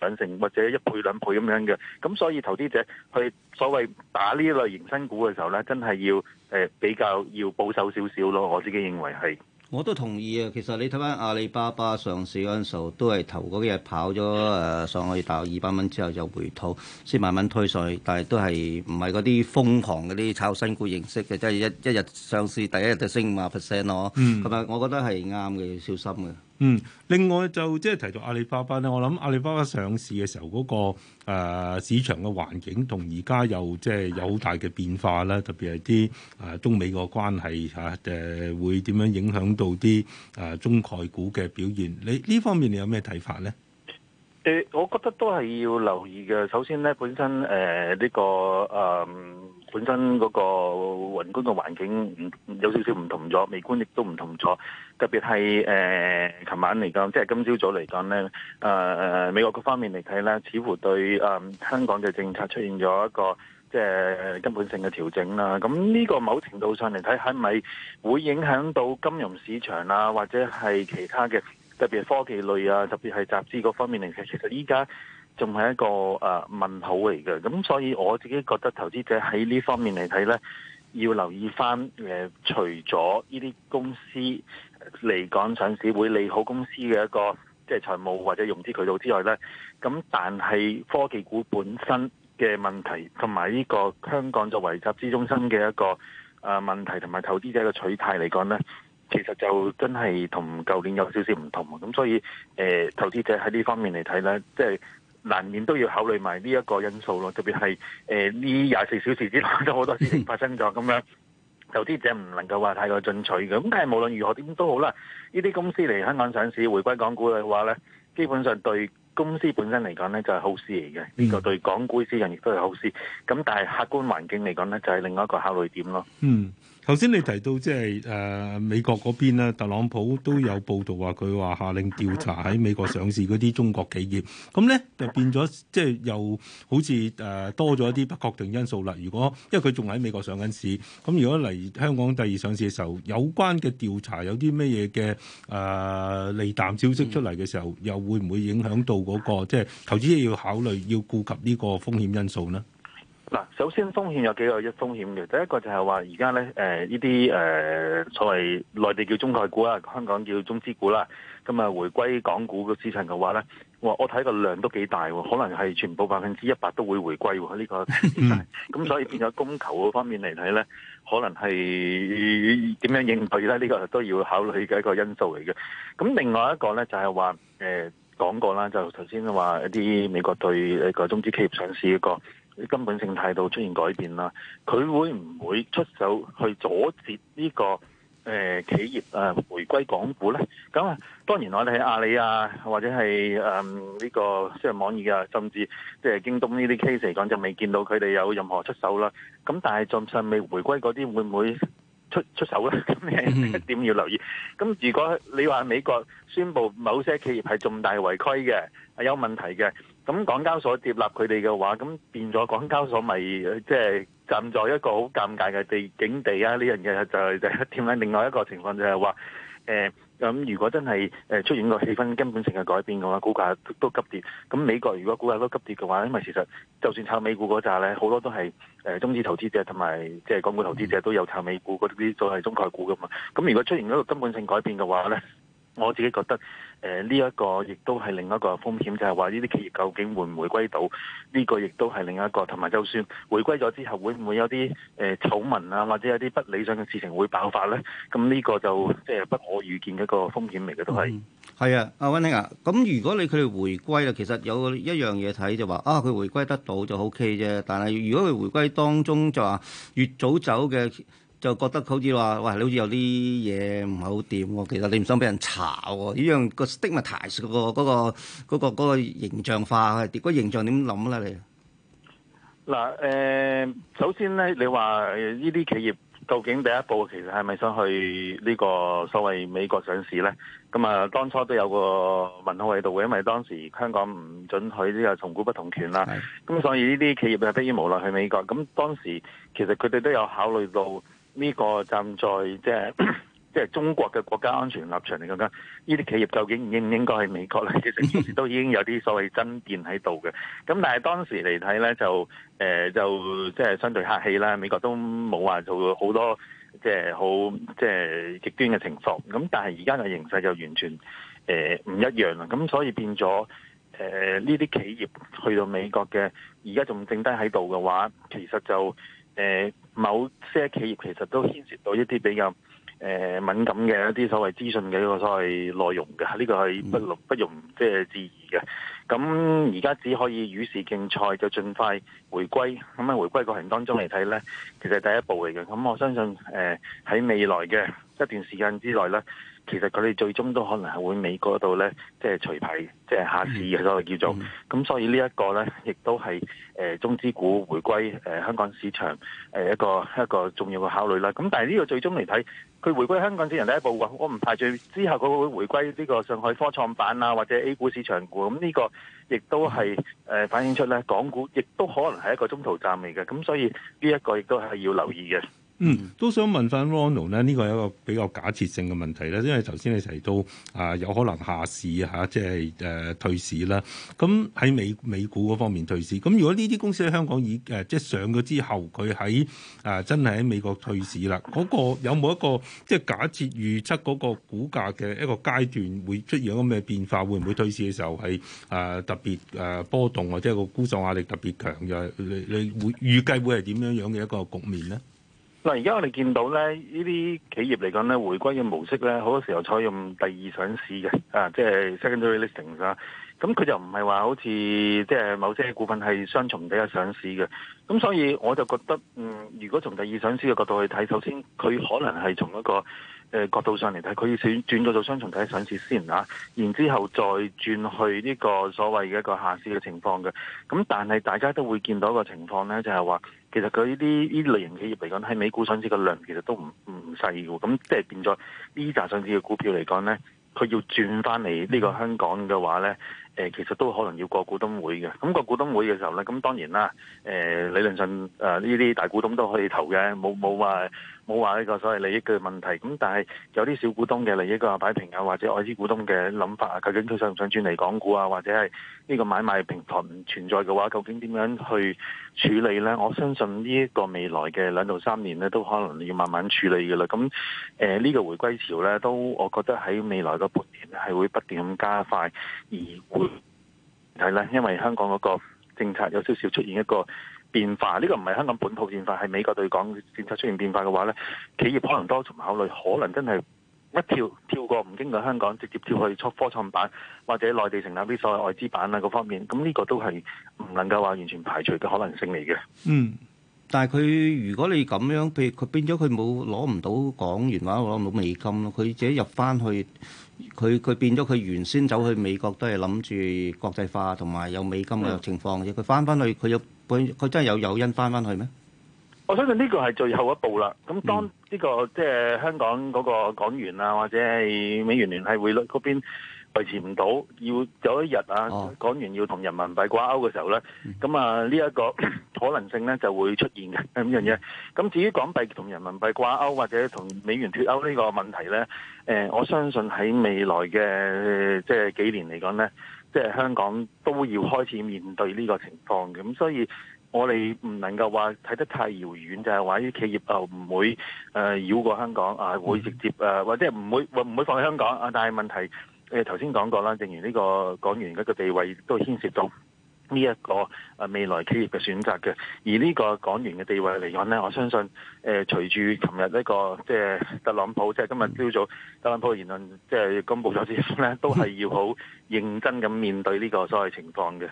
兩成或者一倍兩倍咁樣嘅，咁所以投資者去所謂打呢類型新股嘅時候咧，真係要誒、呃、比較要保守少少咯。我自己認為係，我都同意啊。其實你睇返阿里巴巴上市嗰陣時候，都係頭嗰幾日跑咗誒上去大二百蚊之後就，又回吐先慢慢推上去，但係都係唔係嗰啲瘋狂嗰啲炒新股形式嘅，即係一一日上市第一日就升五啊 percent 哦。嗯，同埋我覺得係啱嘅，要小心嘅。嗯，另外就即係提到阿里巴巴咧，我諗阿里巴巴上市嘅時候嗰、那個、呃、市場嘅環境同而家又即係有好大嘅變化啦，特別係啲誒中美個關係嚇誒、啊、會點樣影響到啲誒、呃、中概股嘅表現？你呢方面你有咩睇法咧？誒、呃，我覺得都係要留意嘅。首先咧，本身誒呢、呃這個誒、呃、本身嗰個宏觀嘅環境唔有少少唔同咗，微觀亦都唔同咗。特別係誒，琴、呃、晚嚟講，即係今朝早嚟講咧，誒、呃、美國各方面嚟睇咧，似乎對誒、呃、香港嘅政策出現咗一個即係根本性嘅調整啦、啊。咁呢個某程度上嚟睇，係咪會影響到金融市場啊，或者係其他嘅特別係科技類啊，特別係集資嗰方面嚟睇，其實依家仲係一個誒、呃、問號嚟嘅。咁所以我自己覺得投資者喺呢方面嚟睇咧，要留意翻誒、呃，除咗呢啲公司。嚟港上市會利好公司嘅一個即係財務或者融資渠道之外咧，咁但係科技股本身嘅問題同埋呢個香港作為集資中心嘅一個誒、呃、問題同埋投資者嘅取態嚟講咧，其實就真係同舊年有少少唔同啊！咁所以誒、呃、投資者喺呢方面嚟睇咧，即係難免都要考慮埋呢一個因素咯。特別係誒呢廿四小時之內都好多事情發生咗咁樣。有啲投資者唔能夠話太過進取嘅，咁但係無論如何點都好啦，呢啲公司嚟香港上市、回歸港股嘅話呢，基本上對公司本身嚟講呢，就係好事嚟嘅，呢個、嗯、對港股市場亦都係好事。咁但係客觀環境嚟講呢，就係另外一個考慮點咯。嗯。頭先你提到即係誒美國嗰邊，特朗普都有報道話佢話下令調查喺美國上市嗰啲中國企業，咁咧就變咗即係又好似誒、呃、多咗一啲不確定因素啦。如果因為佢仲喺美國上緊市，咁如果嚟香港第二上市嘅時候，有關嘅調查有啲咩嘢嘅誒利淡消息出嚟嘅時候，又會唔會影響到嗰、嗰個即係、即係、投資者要考慮要顧及呢個風險因素咧？嗱，首先風險有幾個一風險嘅，第一個就係話而家咧，誒呢啲誒所謂內地叫中概股啊，香港叫中資股啦，咁啊回歸港股嘅市場嘅話咧，我我睇個量都幾大喎，可能係全部百分之一百都會回歸喎呢個。咁 所以變咗供求嗰方面嚟睇咧，可能係、呃、點樣應對咧？呢個都要考慮嘅一個因素嚟嘅。咁另外一個咧就係話誒講過啦，就頭先話一啲美國對呢個中資企業上市嘅個根本性態度出現改變啦，佢會唔會出手去阻截呢個誒企業誒回歸港股咧？咁當然我哋喺阿里啊，或者係誒呢個商業網易啊，甚至即係京東呢啲 case 嚟講，就未見到佢哋有任何出手啦。咁但係仲尚未回歸嗰啲，會唔會出出手咧？咁你一點要留意。咁如果你話美國宣布某些企業係重大違規嘅，係有問題嘅，咁港交所接納佢哋嘅話，咁變咗港交所咪即係站在一個好尷尬嘅地境地啊！呢樣嘢就係、是，點、就、解、是、 另外一個情況就係話，誒、呃、咁、嗯、如果真係誒出現個氣氛根本性嘅改變嘅話，股價都急跌。咁美國如果股價都急跌嘅話，因為其實就算炒美股嗰扎咧，好多都係誒、呃、中資投資者同埋即係港股投資者都有炒美股嗰啲，都係中概股㗎嘛。咁如果出現一個根本性改變嘅話咧，我自己覺得。誒呢一個亦都係另一個風險，就係話呢啲企業究竟會唔會歸到呢、這個？亦都係另一個，同埋就算回歸咗之後，會唔會有啲誒醜聞啊，或者有啲不理想嘅事情會爆發呢？咁、嗯、呢、這個就即係不可預見嘅一個風險嚟嘅，都係。係、嗯、啊，阿溫馨啊，咁如果你佢哋回歸啊，其實有一樣嘢睇就話啊，佢回歸得到就 OK 啫。但係如果佢回歸當中就話越早走嘅。就覺得好似話，哇！你好似有啲嘢唔係好掂喎。其實你唔想俾人查喎，依樣個 stimulate 個嗰個嗰個嗰個形象化，個形象點諗啦？你嗱誒，首先咧，你話依啲企業究竟第一步其實係咪想去呢個所謂美國上市咧？咁啊，當初都有個問號喺度嘅，因為當時香港唔准許呢個同股不同權啦。咁所以依啲企業就，迫於無奈去美國。咁當時其實佢哋都有考慮到。呢個站在即係即係中國嘅國家安全立場嚟講，呢啲企業究竟應唔應該喺美國呢？其實都已經有啲所謂爭辯喺度嘅。咁但係當時嚟睇呢，就誒、呃、就即係相對客氣啦。美國都冇話做到好多即係好即係極端嘅情況。咁但係而家嘅形勢就完全誒唔、呃、一樣啦。咁所以變咗誒呢啲企業去到美國嘅，而家仲剩低喺度嘅話，其實就～誒、呃，某些企業其實都牽涉到一啲比較誒、呃、敏感嘅一啲所謂資訊嘅一個所謂內容嘅，呢、這個係不，不容不容即係置疑嘅。咁而家只可以與時競賽，就盡快回歸。咁、嗯、喺回歸過程當中嚟睇咧，其實係第一步嚟嘅。咁、嗯、我相信誒喺、呃、未來嘅一段時間之內咧。其實佢哋最終都可能係會美國度咧，即係除牌，即係下市所謂叫做。咁、嗯、所以呢一個咧，亦都係誒、呃、中資股回歸誒、呃、香港市場誒、呃、一個一個重要嘅考慮啦。咁但係呢個最終嚟睇，佢回歸香港只係第一步喎。我唔排除之後佢會回歸呢個上海科創板啊，或者 A 股市場股。咁呢個亦都係誒、呃、反映出咧，港股亦都可能係一個中途站嚟嘅。咁所以呢一個亦都係要留意嘅。嗯，都想問翻 Ronald 咧，呢、這個一個比較假設性嘅問題咧，因為頭先你提到啊、呃，有可能下市嚇、啊，即係誒、呃、退市啦。咁喺美美股嗰方面退市，咁如果呢啲公司喺香港已誒、呃、即係上咗之後，佢喺啊真係喺美國退市啦。嗰、那個有冇一個即係假設預測嗰個股價嘅一個階段會出現一個咩變化？會唔會退市嘅時候係啊、呃、特別誒、呃、波動，或者個沽售壓力特別強嘅？又係，你你會預計會係點樣樣嘅一個局面咧？嗱，而家我哋見到咧，呢啲企業嚟講咧，回歸嘅模式咧，好多時候採用第二上市嘅，啊，即係 secondary listing 啊。咁佢就唔係話好似即係某些股份係雙重比較上市嘅。咁所以我就覺得，嗯，如果從第二上市嘅角度去睇，首先佢可能係從一個。誒、嗯、角度上嚟睇，佢要轉轉咗做雙重睇上市先啊，然之後再轉去呢個所謂嘅一個下市嘅情況嘅。咁但係大家都會見到一個情況咧，就係、是、話其實佢呢啲呢類型企業嚟講，喺美股上市嘅量其實都唔唔細嘅。咁即係變咗呢扎上市嘅股票嚟講咧，佢要轉翻嚟呢個香港嘅話咧，誒、呃、其實都可能要過股東會嘅。咁過股東會嘅時候咧，咁當然啦，誒、呃、理論上誒呢啲大股東都可以投嘅，冇冇話。冇話呢個所謂利益嘅問題，咁但係有啲小股東嘅利益嘅擺平啊，或者外資股東嘅諗法啊，究竟佢想唔想轉嚟港股啊，或者係呢個買賣平台唔存在嘅話，究竟點樣去處理呢？我相信呢一個未來嘅兩到三年呢，都可能要慢慢處理嘅啦。咁誒呢個回歸潮呢，都我覺得喺未來個半年係會不斷咁加快而會係啦，因為香港嗰個政策有少少出現一個。變化呢、這個唔係香港本土變化，係美國對港政策出現變化嘅話呢，企業可能多重考慮，可能真係一跳跳過唔經過香港，直接跳去出科創板或者內地成立啲所謂外資板啊嗰方面。咁、這、呢個都係唔能夠話完全排除嘅可能性嚟嘅。嗯，但係佢如果你咁樣，譬如佢變咗，佢冇攞唔到港元話，攞唔到美金，佢自己入翻去。佢佢變咗，佢原先走去美國都係諗住國際化同埋有美金嘅情況嘅，佢翻翻去佢有佢佢真係有誘因翻翻去咩？我相信呢個係最後一步啦。咁當呢個、嗯、即係香港嗰個港元啊，或者係美元聯繫匯率嗰邊。維持唔到，要有一日啊，講完要同人民幣掛鈎嘅時候咧，咁啊呢一個可能性咧就會出現嘅咁樣嘢。咁至於港幣同人民幣掛鈎或者同美元脫鈎呢個問題咧，誒，我相信喺未來嘅即係幾年嚟講咧，即係香港都要開始面對呢個情況嘅。咁所以我哋唔能夠話睇得太遙遠，就係話啲企業就唔會誒繞過香港啊，會直接誒或者唔會唔會放喺香港啊，但係問題。誒，頭先講過啦，正如呢個港元嗰個地位都牽涉到呢一個誒未來企業嘅選擇嘅。而呢個港元嘅地位嚟講呢，我相信誒、呃，隨住琴日呢個即係特朗普，即係今日朝早特朗普言論，即係公布咗之後咧，都係要好認真咁面對呢個所謂情況嘅。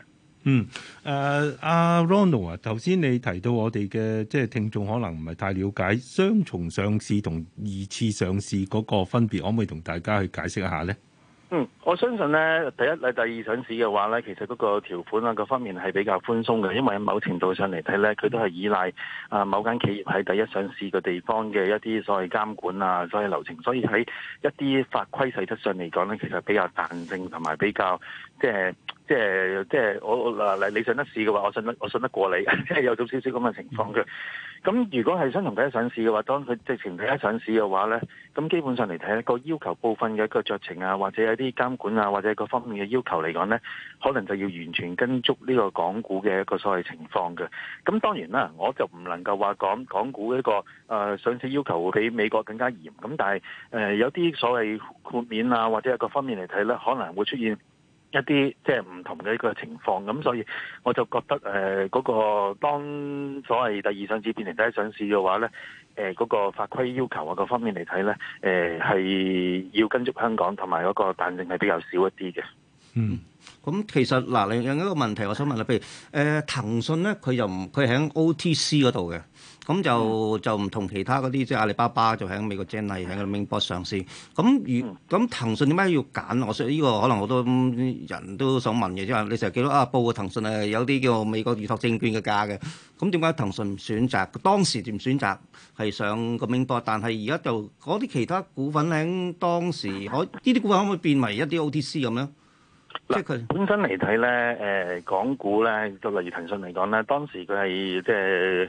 嗯誒，阿、呃、Ronald 啊，頭先你提到我哋嘅即係聽眾可能唔係太了解雙重上市同二次上市嗰個分別，可唔可以同大家去解釋一下呢？嗯，我相信咧，第一，第第二上市嘅話咧，其實嗰個條款啊，各方面係比較寬鬆嘅，因為某程度上嚟睇咧，佢都係依賴啊某間企業喺第一上市嘅地方嘅一啲所謂監管啊，所謂流程，所以喺一啲法規細則上嚟講咧，其實比較彈性同埋比較。即係即係即係，我嗱，你信得市嘅話，我信得我信得過你，即 係有咗少少咁嘅情況嘅。咁如果係想同大家上市嘅話，當佢直情第一上市嘅話呢，咁基本上嚟睇呢，個要求部分嘅一個酌情啊，或者有啲監管啊，或者各方面嘅要求嚟講呢，可能就要完全跟足呢個港股嘅一個所謂情況嘅。咁當然啦，我就唔能夠話講港股一個誒、呃、上市要求會比美國更加嚴。咁但係誒、呃、有啲所謂豁免啊，或者各方面嚟睇呢，可能會出現。一啲即係唔同嘅一個情況，咁所以我就覺得誒嗰、呃，那個當所謂第二上市變成第一上市嘅話咧，誒、呃、嗰、那個法規要求啊，各方面嚟睇咧，誒、呃、係要跟足香港同埋嗰個彈性係比較少一啲嘅。嗯，咁其實嗱、呃、另一個問題，我想問啦，譬如誒、呃、騰訊咧，佢又唔佢喺 OTC 嗰度嘅。咁就就唔同其他嗰啲即係阿里巴巴，就喺美國 Jenny 喺個 mainboard 上市。咁如咁騰訊點解要揀？我想呢個可能好多人都想問嘅，即係你成日記得啊報嘅騰訊係有啲叫美國預託證券嘅價嘅。咁點解騰訊選擇當時唔選擇係上個 mainboard？但係而家就嗰啲其他股份喺當時可呢啲股份可唔可以變為一啲 OTC 咁樣？即係佢本身嚟睇咧，誒港股咧，就例如騰訊嚟講咧，當時佢係即係。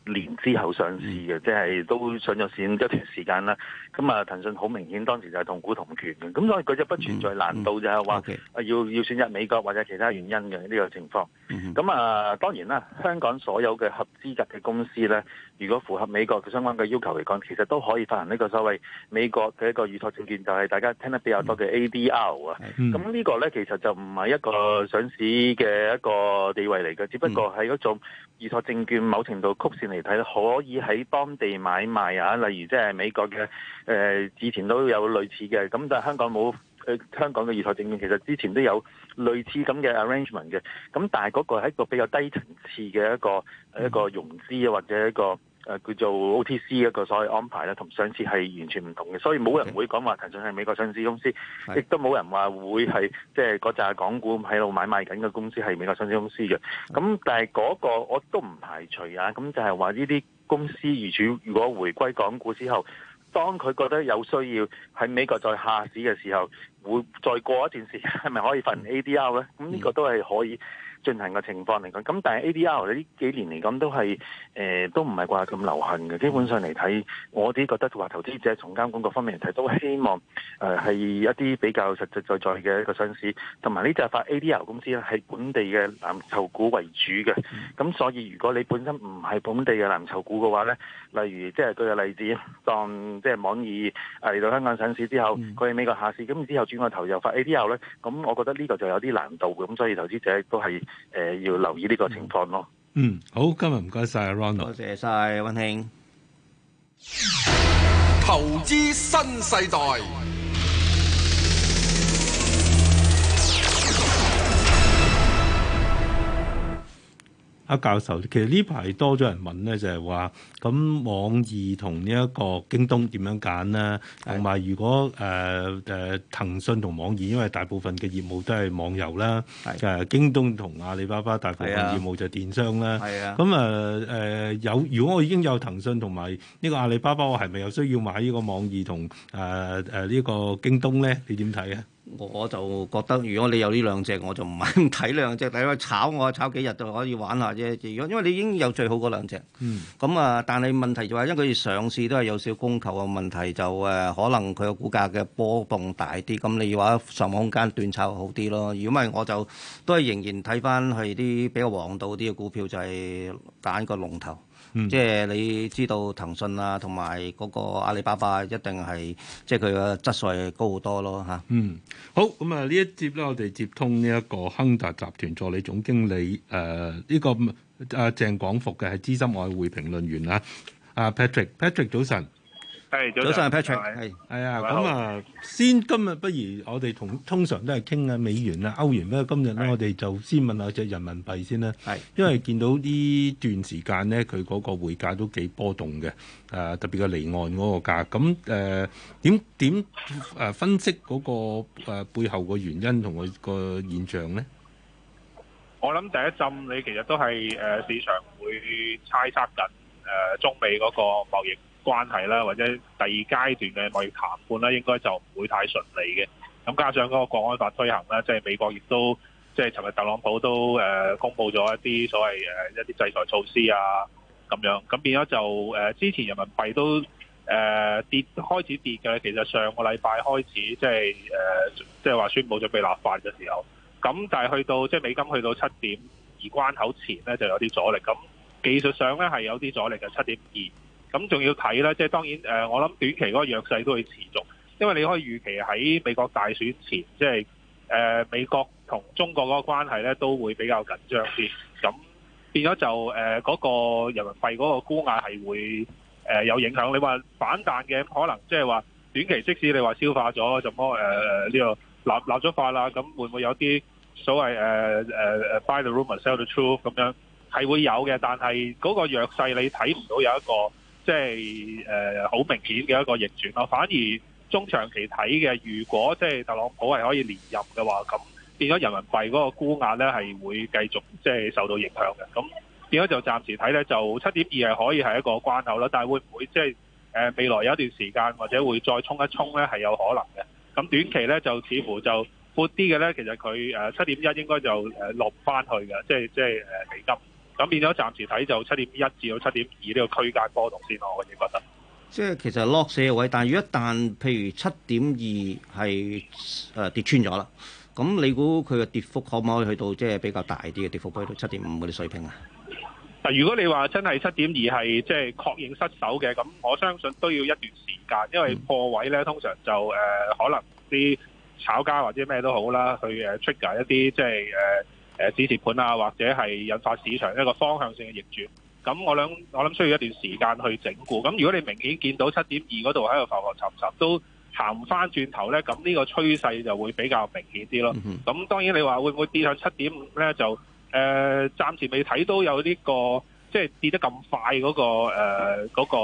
年之後上市嘅，即係都上咗市一段時間啦。咁啊，騰訊好明顯當時就係同股同權嘅，咁所以佢就不存在難度，就係話要要選擇美國或者其他原因嘅呢個情況。咁啊，當然啦，香港所有嘅合資格嘅公司呢，如果符合美國嘅相關嘅要求嚟講，其實都可以發行呢個所謂美國嘅一個預託證券，就係大家聽得比較多嘅 ADR、嗯嗯、啊。咁、嗯、呢、啊嗯、個呢，其實就唔係一個上市嘅一個地位嚟嘅，只不過係一種預託證券某程度曲線嚟。睇可以喺當地買賣啊，例如即係美國嘅、誒、呃，之前都有類似嘅，咁，但係香港冇誒、呃、香港嘅預託證券，其實之前都有類似咁嘅 arrangement 嘅，咁但係嗰個係一個比較低層次嘅一個、mm hmm. 一個融資或者一個。誒、呃、叫做 OTC 一個所謂安排啦，同上次係完全唔同嘅，所以冇人會講話 Okay. 騰訊係美國上市公司，亦 Yes. 都冇人話會係即係嗰紮港股喺度買賣緊嘅公司係美國上市公司嘅。咁但係嗰個我都唔排除啊。咁就係話呢啲公司如主如果回歸港股之後，當佢覺得有需要喺美國再下市嘅時候，會再過一段時間係咪 可以份 ADR 咧？咁呢 Yes. 個都係可以。進行嘅情況嚟講，咁但係 ADR 呢幾年嚟講都係誒、呃、都唔係話咁流行嘅。基本上嚟睇，我自己覺得話投資者從監管各方面嚟睇都希望誒係、呃、一啲比較實質在在嘅一個上市，同埋呢隻係發 ADR 公司咧係本地嘅藍籌股為主嘅。咁所以如果你本身唔係本地嘅藍籌股嘅話咧，例如即係舉個例子，當即係網易嚟到香港上市之後，佢喺、嗯、美國下市，咁之後轉過頭又發 ADR 咧，咁我覺得呢個就有啲難度。咁所以投資者都係。誒，要留意呢個情況咯。嗯，好，今日唔該晒，阿 Ronald，多謝晒，溫馨，投資新世代。教授，其實呢排多咗人問咧，就係話咁網易同呢一個京東點樣揀咧？同埋是的 如果誒誒、呃、騰訊同網易，因為大部分嘅業務都係網遊啦，誒是的、呃、京東同阿里巴巴大部分業務就係電商啦。咁啊誒有，如果我已經有騰訊同埋呢個阿里巴巴，我係咪有需要買呢個網易同誒誒呢個京東咧？你點睇啊？我就覺得，如果你有呢兩隻，我就唔係咁睇。兩隻，你去炒我炒幾日就可以玩下啫。如果因為你已經有最好嗰兩隻，咁啊、嗯，但係問題就係、是、因為佢上市都係有少供求嘅問題，就誒可能佢個股價嘅波動大啲。咁你話上網空間斷炒好啲咯？如果唔係，我就都係仍然睇翻係啲比較黃道啲嘅股票，就係、是、揀個龍頭。嗯，即係你知道騰訊啊，同埋嗰個阿里巴巴一定係，即係佢個質素係高好多咯吓，嗯，好，咁啊呢一節咧，我哋接通呢一個亨達集團助理總經理，誒、呃、呢、這個阿、呃、鄭廣福嘅係資深外匯評論員啊。阿、呃、Patrick，Patrick 早晨。早晨，Patrick。係上，係啊。咁啊，嗯、先今日不如我哋同通常都係傾下美元啦、歐元咩？今日咧，我哋就先問下隻人民幣先啦。係， 因為見到呢段時間咧，佢嗰個匯價都幾波動嘅。誒、呃，特別係離岸嗰個價。咁誒，點點誒分析嗰、那個誒、呃、背後個原因同佢個現象咧？我諗第一浸，你其實都係誒市場會猜測緊誒中美嗰個貿易。關係啦，或者第二階段嘅貿易談判啦，應該就唔會太順利嘅。咁加上嗰個國安法推行啦，即係美國亦都，即係尋日特朗普都誒公佈咗一啲所謂誒一啲制裁措施啊，咁樣。咁變咗就誒之前人民幣都誒、呃、跌開始跌嘅。其實上個禮拜開始即係誒即係話宣布準備立法嘅時候，咁但係去到即係美金去到七點二關口前咧就有啲阻力。咁技術上咧係有啲阻力嘅七點二。咁仲要睇咧，即係當然誒，我諗短期嗰個弱勢都會持續，因為你可以預期喺美國大選前，即係誒、呃、美國同中國嗰個關係咧都會比較緊張啲，咁變咗就誒嗰、呃那個人民幣嗰個沽壓係會、呃、有影響。你話反彈嘅可能即係話短期即使你話消化咗什麼誒呢個立立咗法啦，咁會唔會有啲所謂誒誒誒 buy the rumor, sell the truth 咁樣係會有嘅，但係嗰個弱勢你睇唔到有一個。即係誒好明顯嘅一個逆轉咯，反而中長期睇嘅，如果即係特朗普係可以連任嘅話，咁變咗人民幣嗰個沽壓咧係會繼續即係受到影響嘅。咁變咗就暫時睇咧就七點二係可以係一個關口啦，但係會唔會即係誒未來有一段時間或者會再衝一衝咧係有可能嘅。咁短期咧就似乎就闊啲嘅咧，其實佢誒七點一應該就誒落唔翻去嘅，即係即係誒美金。咁變咗暫時睇就七點一至到七點二呢個區間波動先咯，我哋覺得。即係其實落四個位，但係一旦譬如七點二係誒跌穿咗啦，咁你估佢嘅跌幅可唔可以去到即係比較大啲嘅跌幅，去到七點五嗰啲水平啊？但如果你話真係七點二係即係確認失守嘅，咁我相信都要一段時間，因為破位咧通常就誒、呃、可能啲炒家或者咩都好啦，去誒 trigger 一啲即係誒。就是呃誒止蝕盤啊，或者係引發市場一個方向性嘅逆轉。咁我諗，我諗需要一段時間去整固。咁如果你明顯見到七點二嗰度喺度浮浮沉沉，都行返轉頭呢，咁呢個趨勢就會比較明顯啲咯。咁當然你話會唔會跌向七點五呢？就誒暫時未睇到有呢個即係跌得咁快嗰個誒嗰個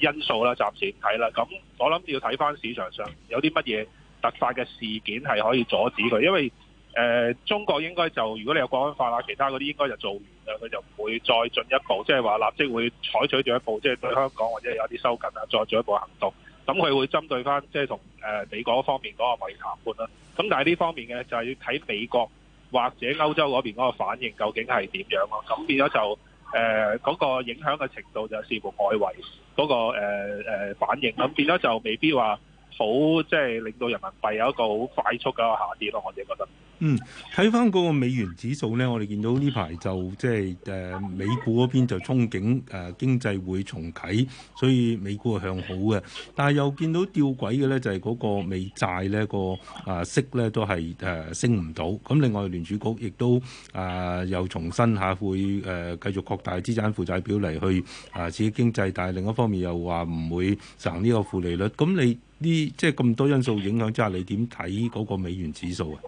誒因素啦。暫時睇啦。咁我諗要睇返市場上有啲乜嘢突發嘅事件係可以阻止佢，因為。誒、呃、中國應該就如果你有國安法啊，其他嗰啲應該就做完啦，佢就唔會再進一步，即係話立即會採取進一步，即係對香港或者有啲收緊啊，再進一步行動。咁、嗯、佢會針對翻，即係同誒美國方面嗰個貿易談判啦。咁、嗯、但係呢方面嘅就係要睇美國或者歐洲嗰邊嗰個反應究竟係點樣咯。咁、嗯、變咗就誒嗰、呃、那個影響嘅程度就視乎外圍嗰、那個誒、呃呃、反應。咁、嗯、變咗就未必話。好即係令到人民幣有一個好快速嘅下跌咯，我哋覺得。嗯，睇翻嗰個美元指數咧，我哋見到呢排就即係誒美股嗰邊就憧憬誒、呃、經濟會重啟，所以美股係向好嘅。但係又見到吊詭嘅咧，就係、是、嗰個美債咧個啊息咧都係誒、呃、升唔到。咁另外聯儲局亦都誒、呃、又重申下會誒繼、呃、續擴大資產負債表嚟去啊刺激經濟，但係另一方面又話唔會成呢個負利率。咁你？呢即係咁多因素影響之下，你點睇嗰個美元指數啊？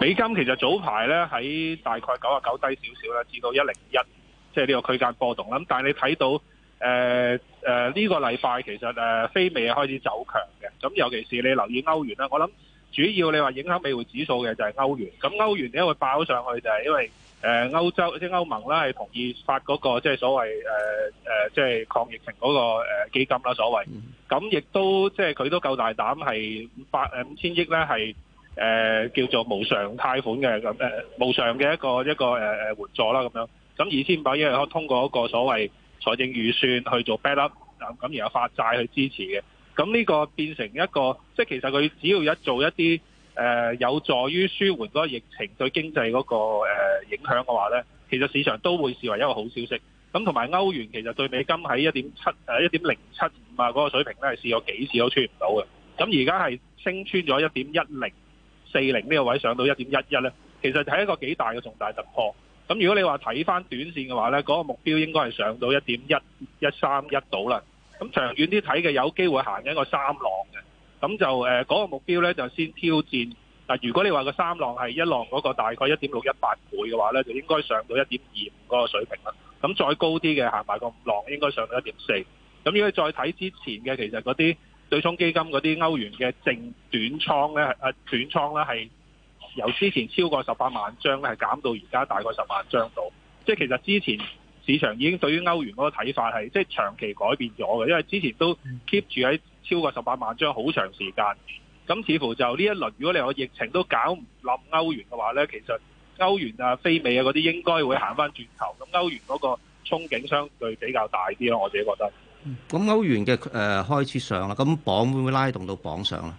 美金其實早排咧喺大概九啊九低少少啦，至到一零一，即係呢個區間波動啦。咁但係你睇到誒誒呢個禮拜其實誒、呃、非美開始走強嘅，咁尤其是你留意歐元啦。我諗主要你話影響美匯指數嘅就係歐元，咁歐元點解會爆上去就係因為。誒歐洲即係歐盟啦，係同意發嗰、那個即係所謂誒誒、呃，即係抗疫情嗰個基金啦，所謂咁亦都即係佢都夠大膽係五百誒五千億咧，係、呃、誒叫做無償貸款嘅，咁誒無償嘅一個一個誒誒援助啦咁樣。咁二千五百億係可通過一個所謂財政預算去做 back up 咁然後發債去支持嘅。咁呢個變成一個，即係其實佢只要一做一啲。誒、呃、有助於舒緩嗰個疫情對經濟嗰、嗰個、呃、影響嘅話呢，其實市場都會視為一個好消息。咁同埋歐元其實對美金喺一點七誒一點零七五啊嗰個水平呢，係，試過幾次都穿唔到嘅。咁而家係升穿咗一點一零四零呢個位上到一點一一呢，其實係一個幾大嘅重大突破。咁如果你話睇翻短線嘅話呢嗰、嗰個目標應該係上到 1. 1一點一一三一度啦。咁長遠啲睇嘅有機會行緊一個三浪嘅咁就誒嗰、呃那個目標咧，就先挑戰。嗱、啊，如果你話個三浪係一浪嗰個大概一點六一八倍嘅話咧，就應該上到一點二五嗰個水平啦。咁再高啲嘅行埋個五浪，應該上到一點四。咁如果再睇之前嘅，其實嗰啲對沖基金嗰啲歐元嘅淨短倉咧，啊短倉咧係由之前超過十八萬張咧，係減到而家大概十萬張度。即、就、係、是、其實之前市場已經對於歐元嗰個睇法係即係長期改變咗嘅，因為之前都 keep 住喺。超過十八萬張，好長時間。咁似乎就呢一輪，如果你個疫情都搞唔冧歐元嘅話呢，其實歐元啊、非美啊嗰啲應該會行翻轉頭。咁歐元嗰個憧憬相對比較大啲咯，我自己覺得。咁、嗯、歐元嘅誒、呃、開始上啦，咁鎊會唔會拉動到鎊上咧？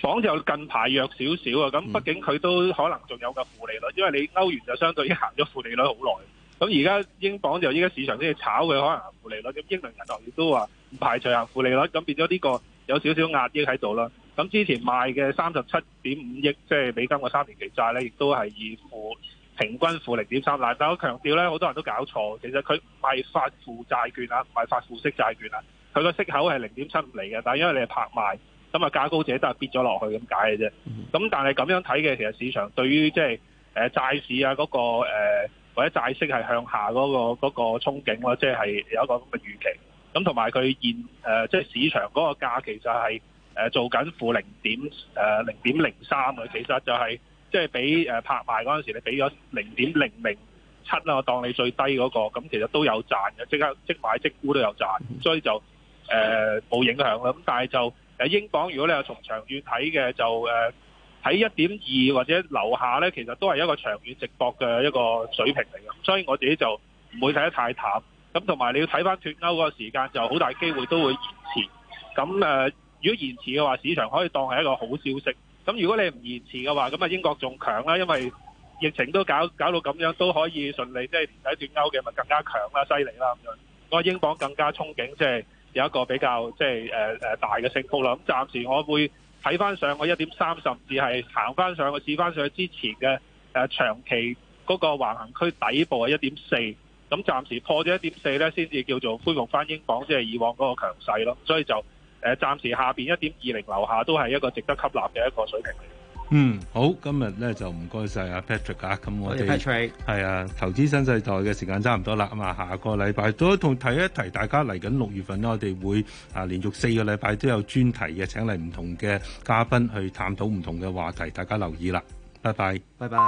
鎊就近排弱少少啊。咁畢竟佢都可能仲有個負利率，因為你歐元就相對於行咗負利率好耐。咁而家英鎊就依家市場都要炒佢可能負利率。咁英倫銀行亦都話。唔排除行負利率，咁變咗呢個有少少壓抑喺度啦。咁之前賣嘅三十七點五億即係、就是、美金嘅三年期債咧，亦都係以負平均負零點三。嗱，但我強調咧，好多人都搞錯，其實佢唔係發負債券啊，唔係發負息債券啊。佢個息口係零點七五厘嘅，但因為你係拍賣，咁啊，價高者都係跌咗落去咁解嘅啫。咁但係咁樣睇嘅，其實市場對於即係誒債市啊嗰、那個、呃、或者債息係向下嗰、那個那個憧憬咯、啊，即、就、係、是、有一個咁嘅預期。咁同埋佢現誒、呃、即係市場嗰個價其實係誒、呃、做緊負零點誒零點零三嘅，其實就係即係俾誒拍賣嗰陣時你俾咗零點零零七啦，我當你最低嗰、那個，咁其實都有賺嘅，即刻即買即沽都有賺，所以就誒冇、呃、影響啦。咁但係就誒英鎊，如果你係從長遠睇嘅，就誒喺一點二或者樓下咧，其實都係一個長遠直播嘅一個水平嚟嘅，所以我自己就唔會睇得太淡。咁同埋你要睇翻脫歐嗰個時間，就好大機會都會延遲。咁誒、呃，如果延遲嘅話，市場可以當係一個好消息。咁如果你唔延遲嘅話，咁啊英國仲強啦，因為疫情都搞搞到咁樣都可以順利即係唔使脫歐嘅，咪更加強啦、犀利啦咁樣。我英鎊更加憧憬即係、就是、有一個比較即係誒誒大嘅升幅啦。咁暫時我會睇翻上個一點三，甚至係行翻上個試翻上去之前嘅誒、呃、長期嗰個橫行區底部嘅一點四。咁暫時破咗一點四咧，先至叫做恢復翻英鎊即係以往嗰個強勢咯。所以就誒，暫時下邊一點二零樓下都係一個值得吸納嘅一個水平。嗯，好，今日咧就唔該晒阿 Patrick 啊，咁我哋 Patrick 係啊，投資新世代嘅時間差唔多啦啊、嗯、下個禮拜都同提一提大家嚟緊六月份呢，我哋會啊連續四個禮拜都有專題嘅請嚟唔同嘅嘉賓去探討唔同嘅話題，大家留意啦。拜拜，拜拜。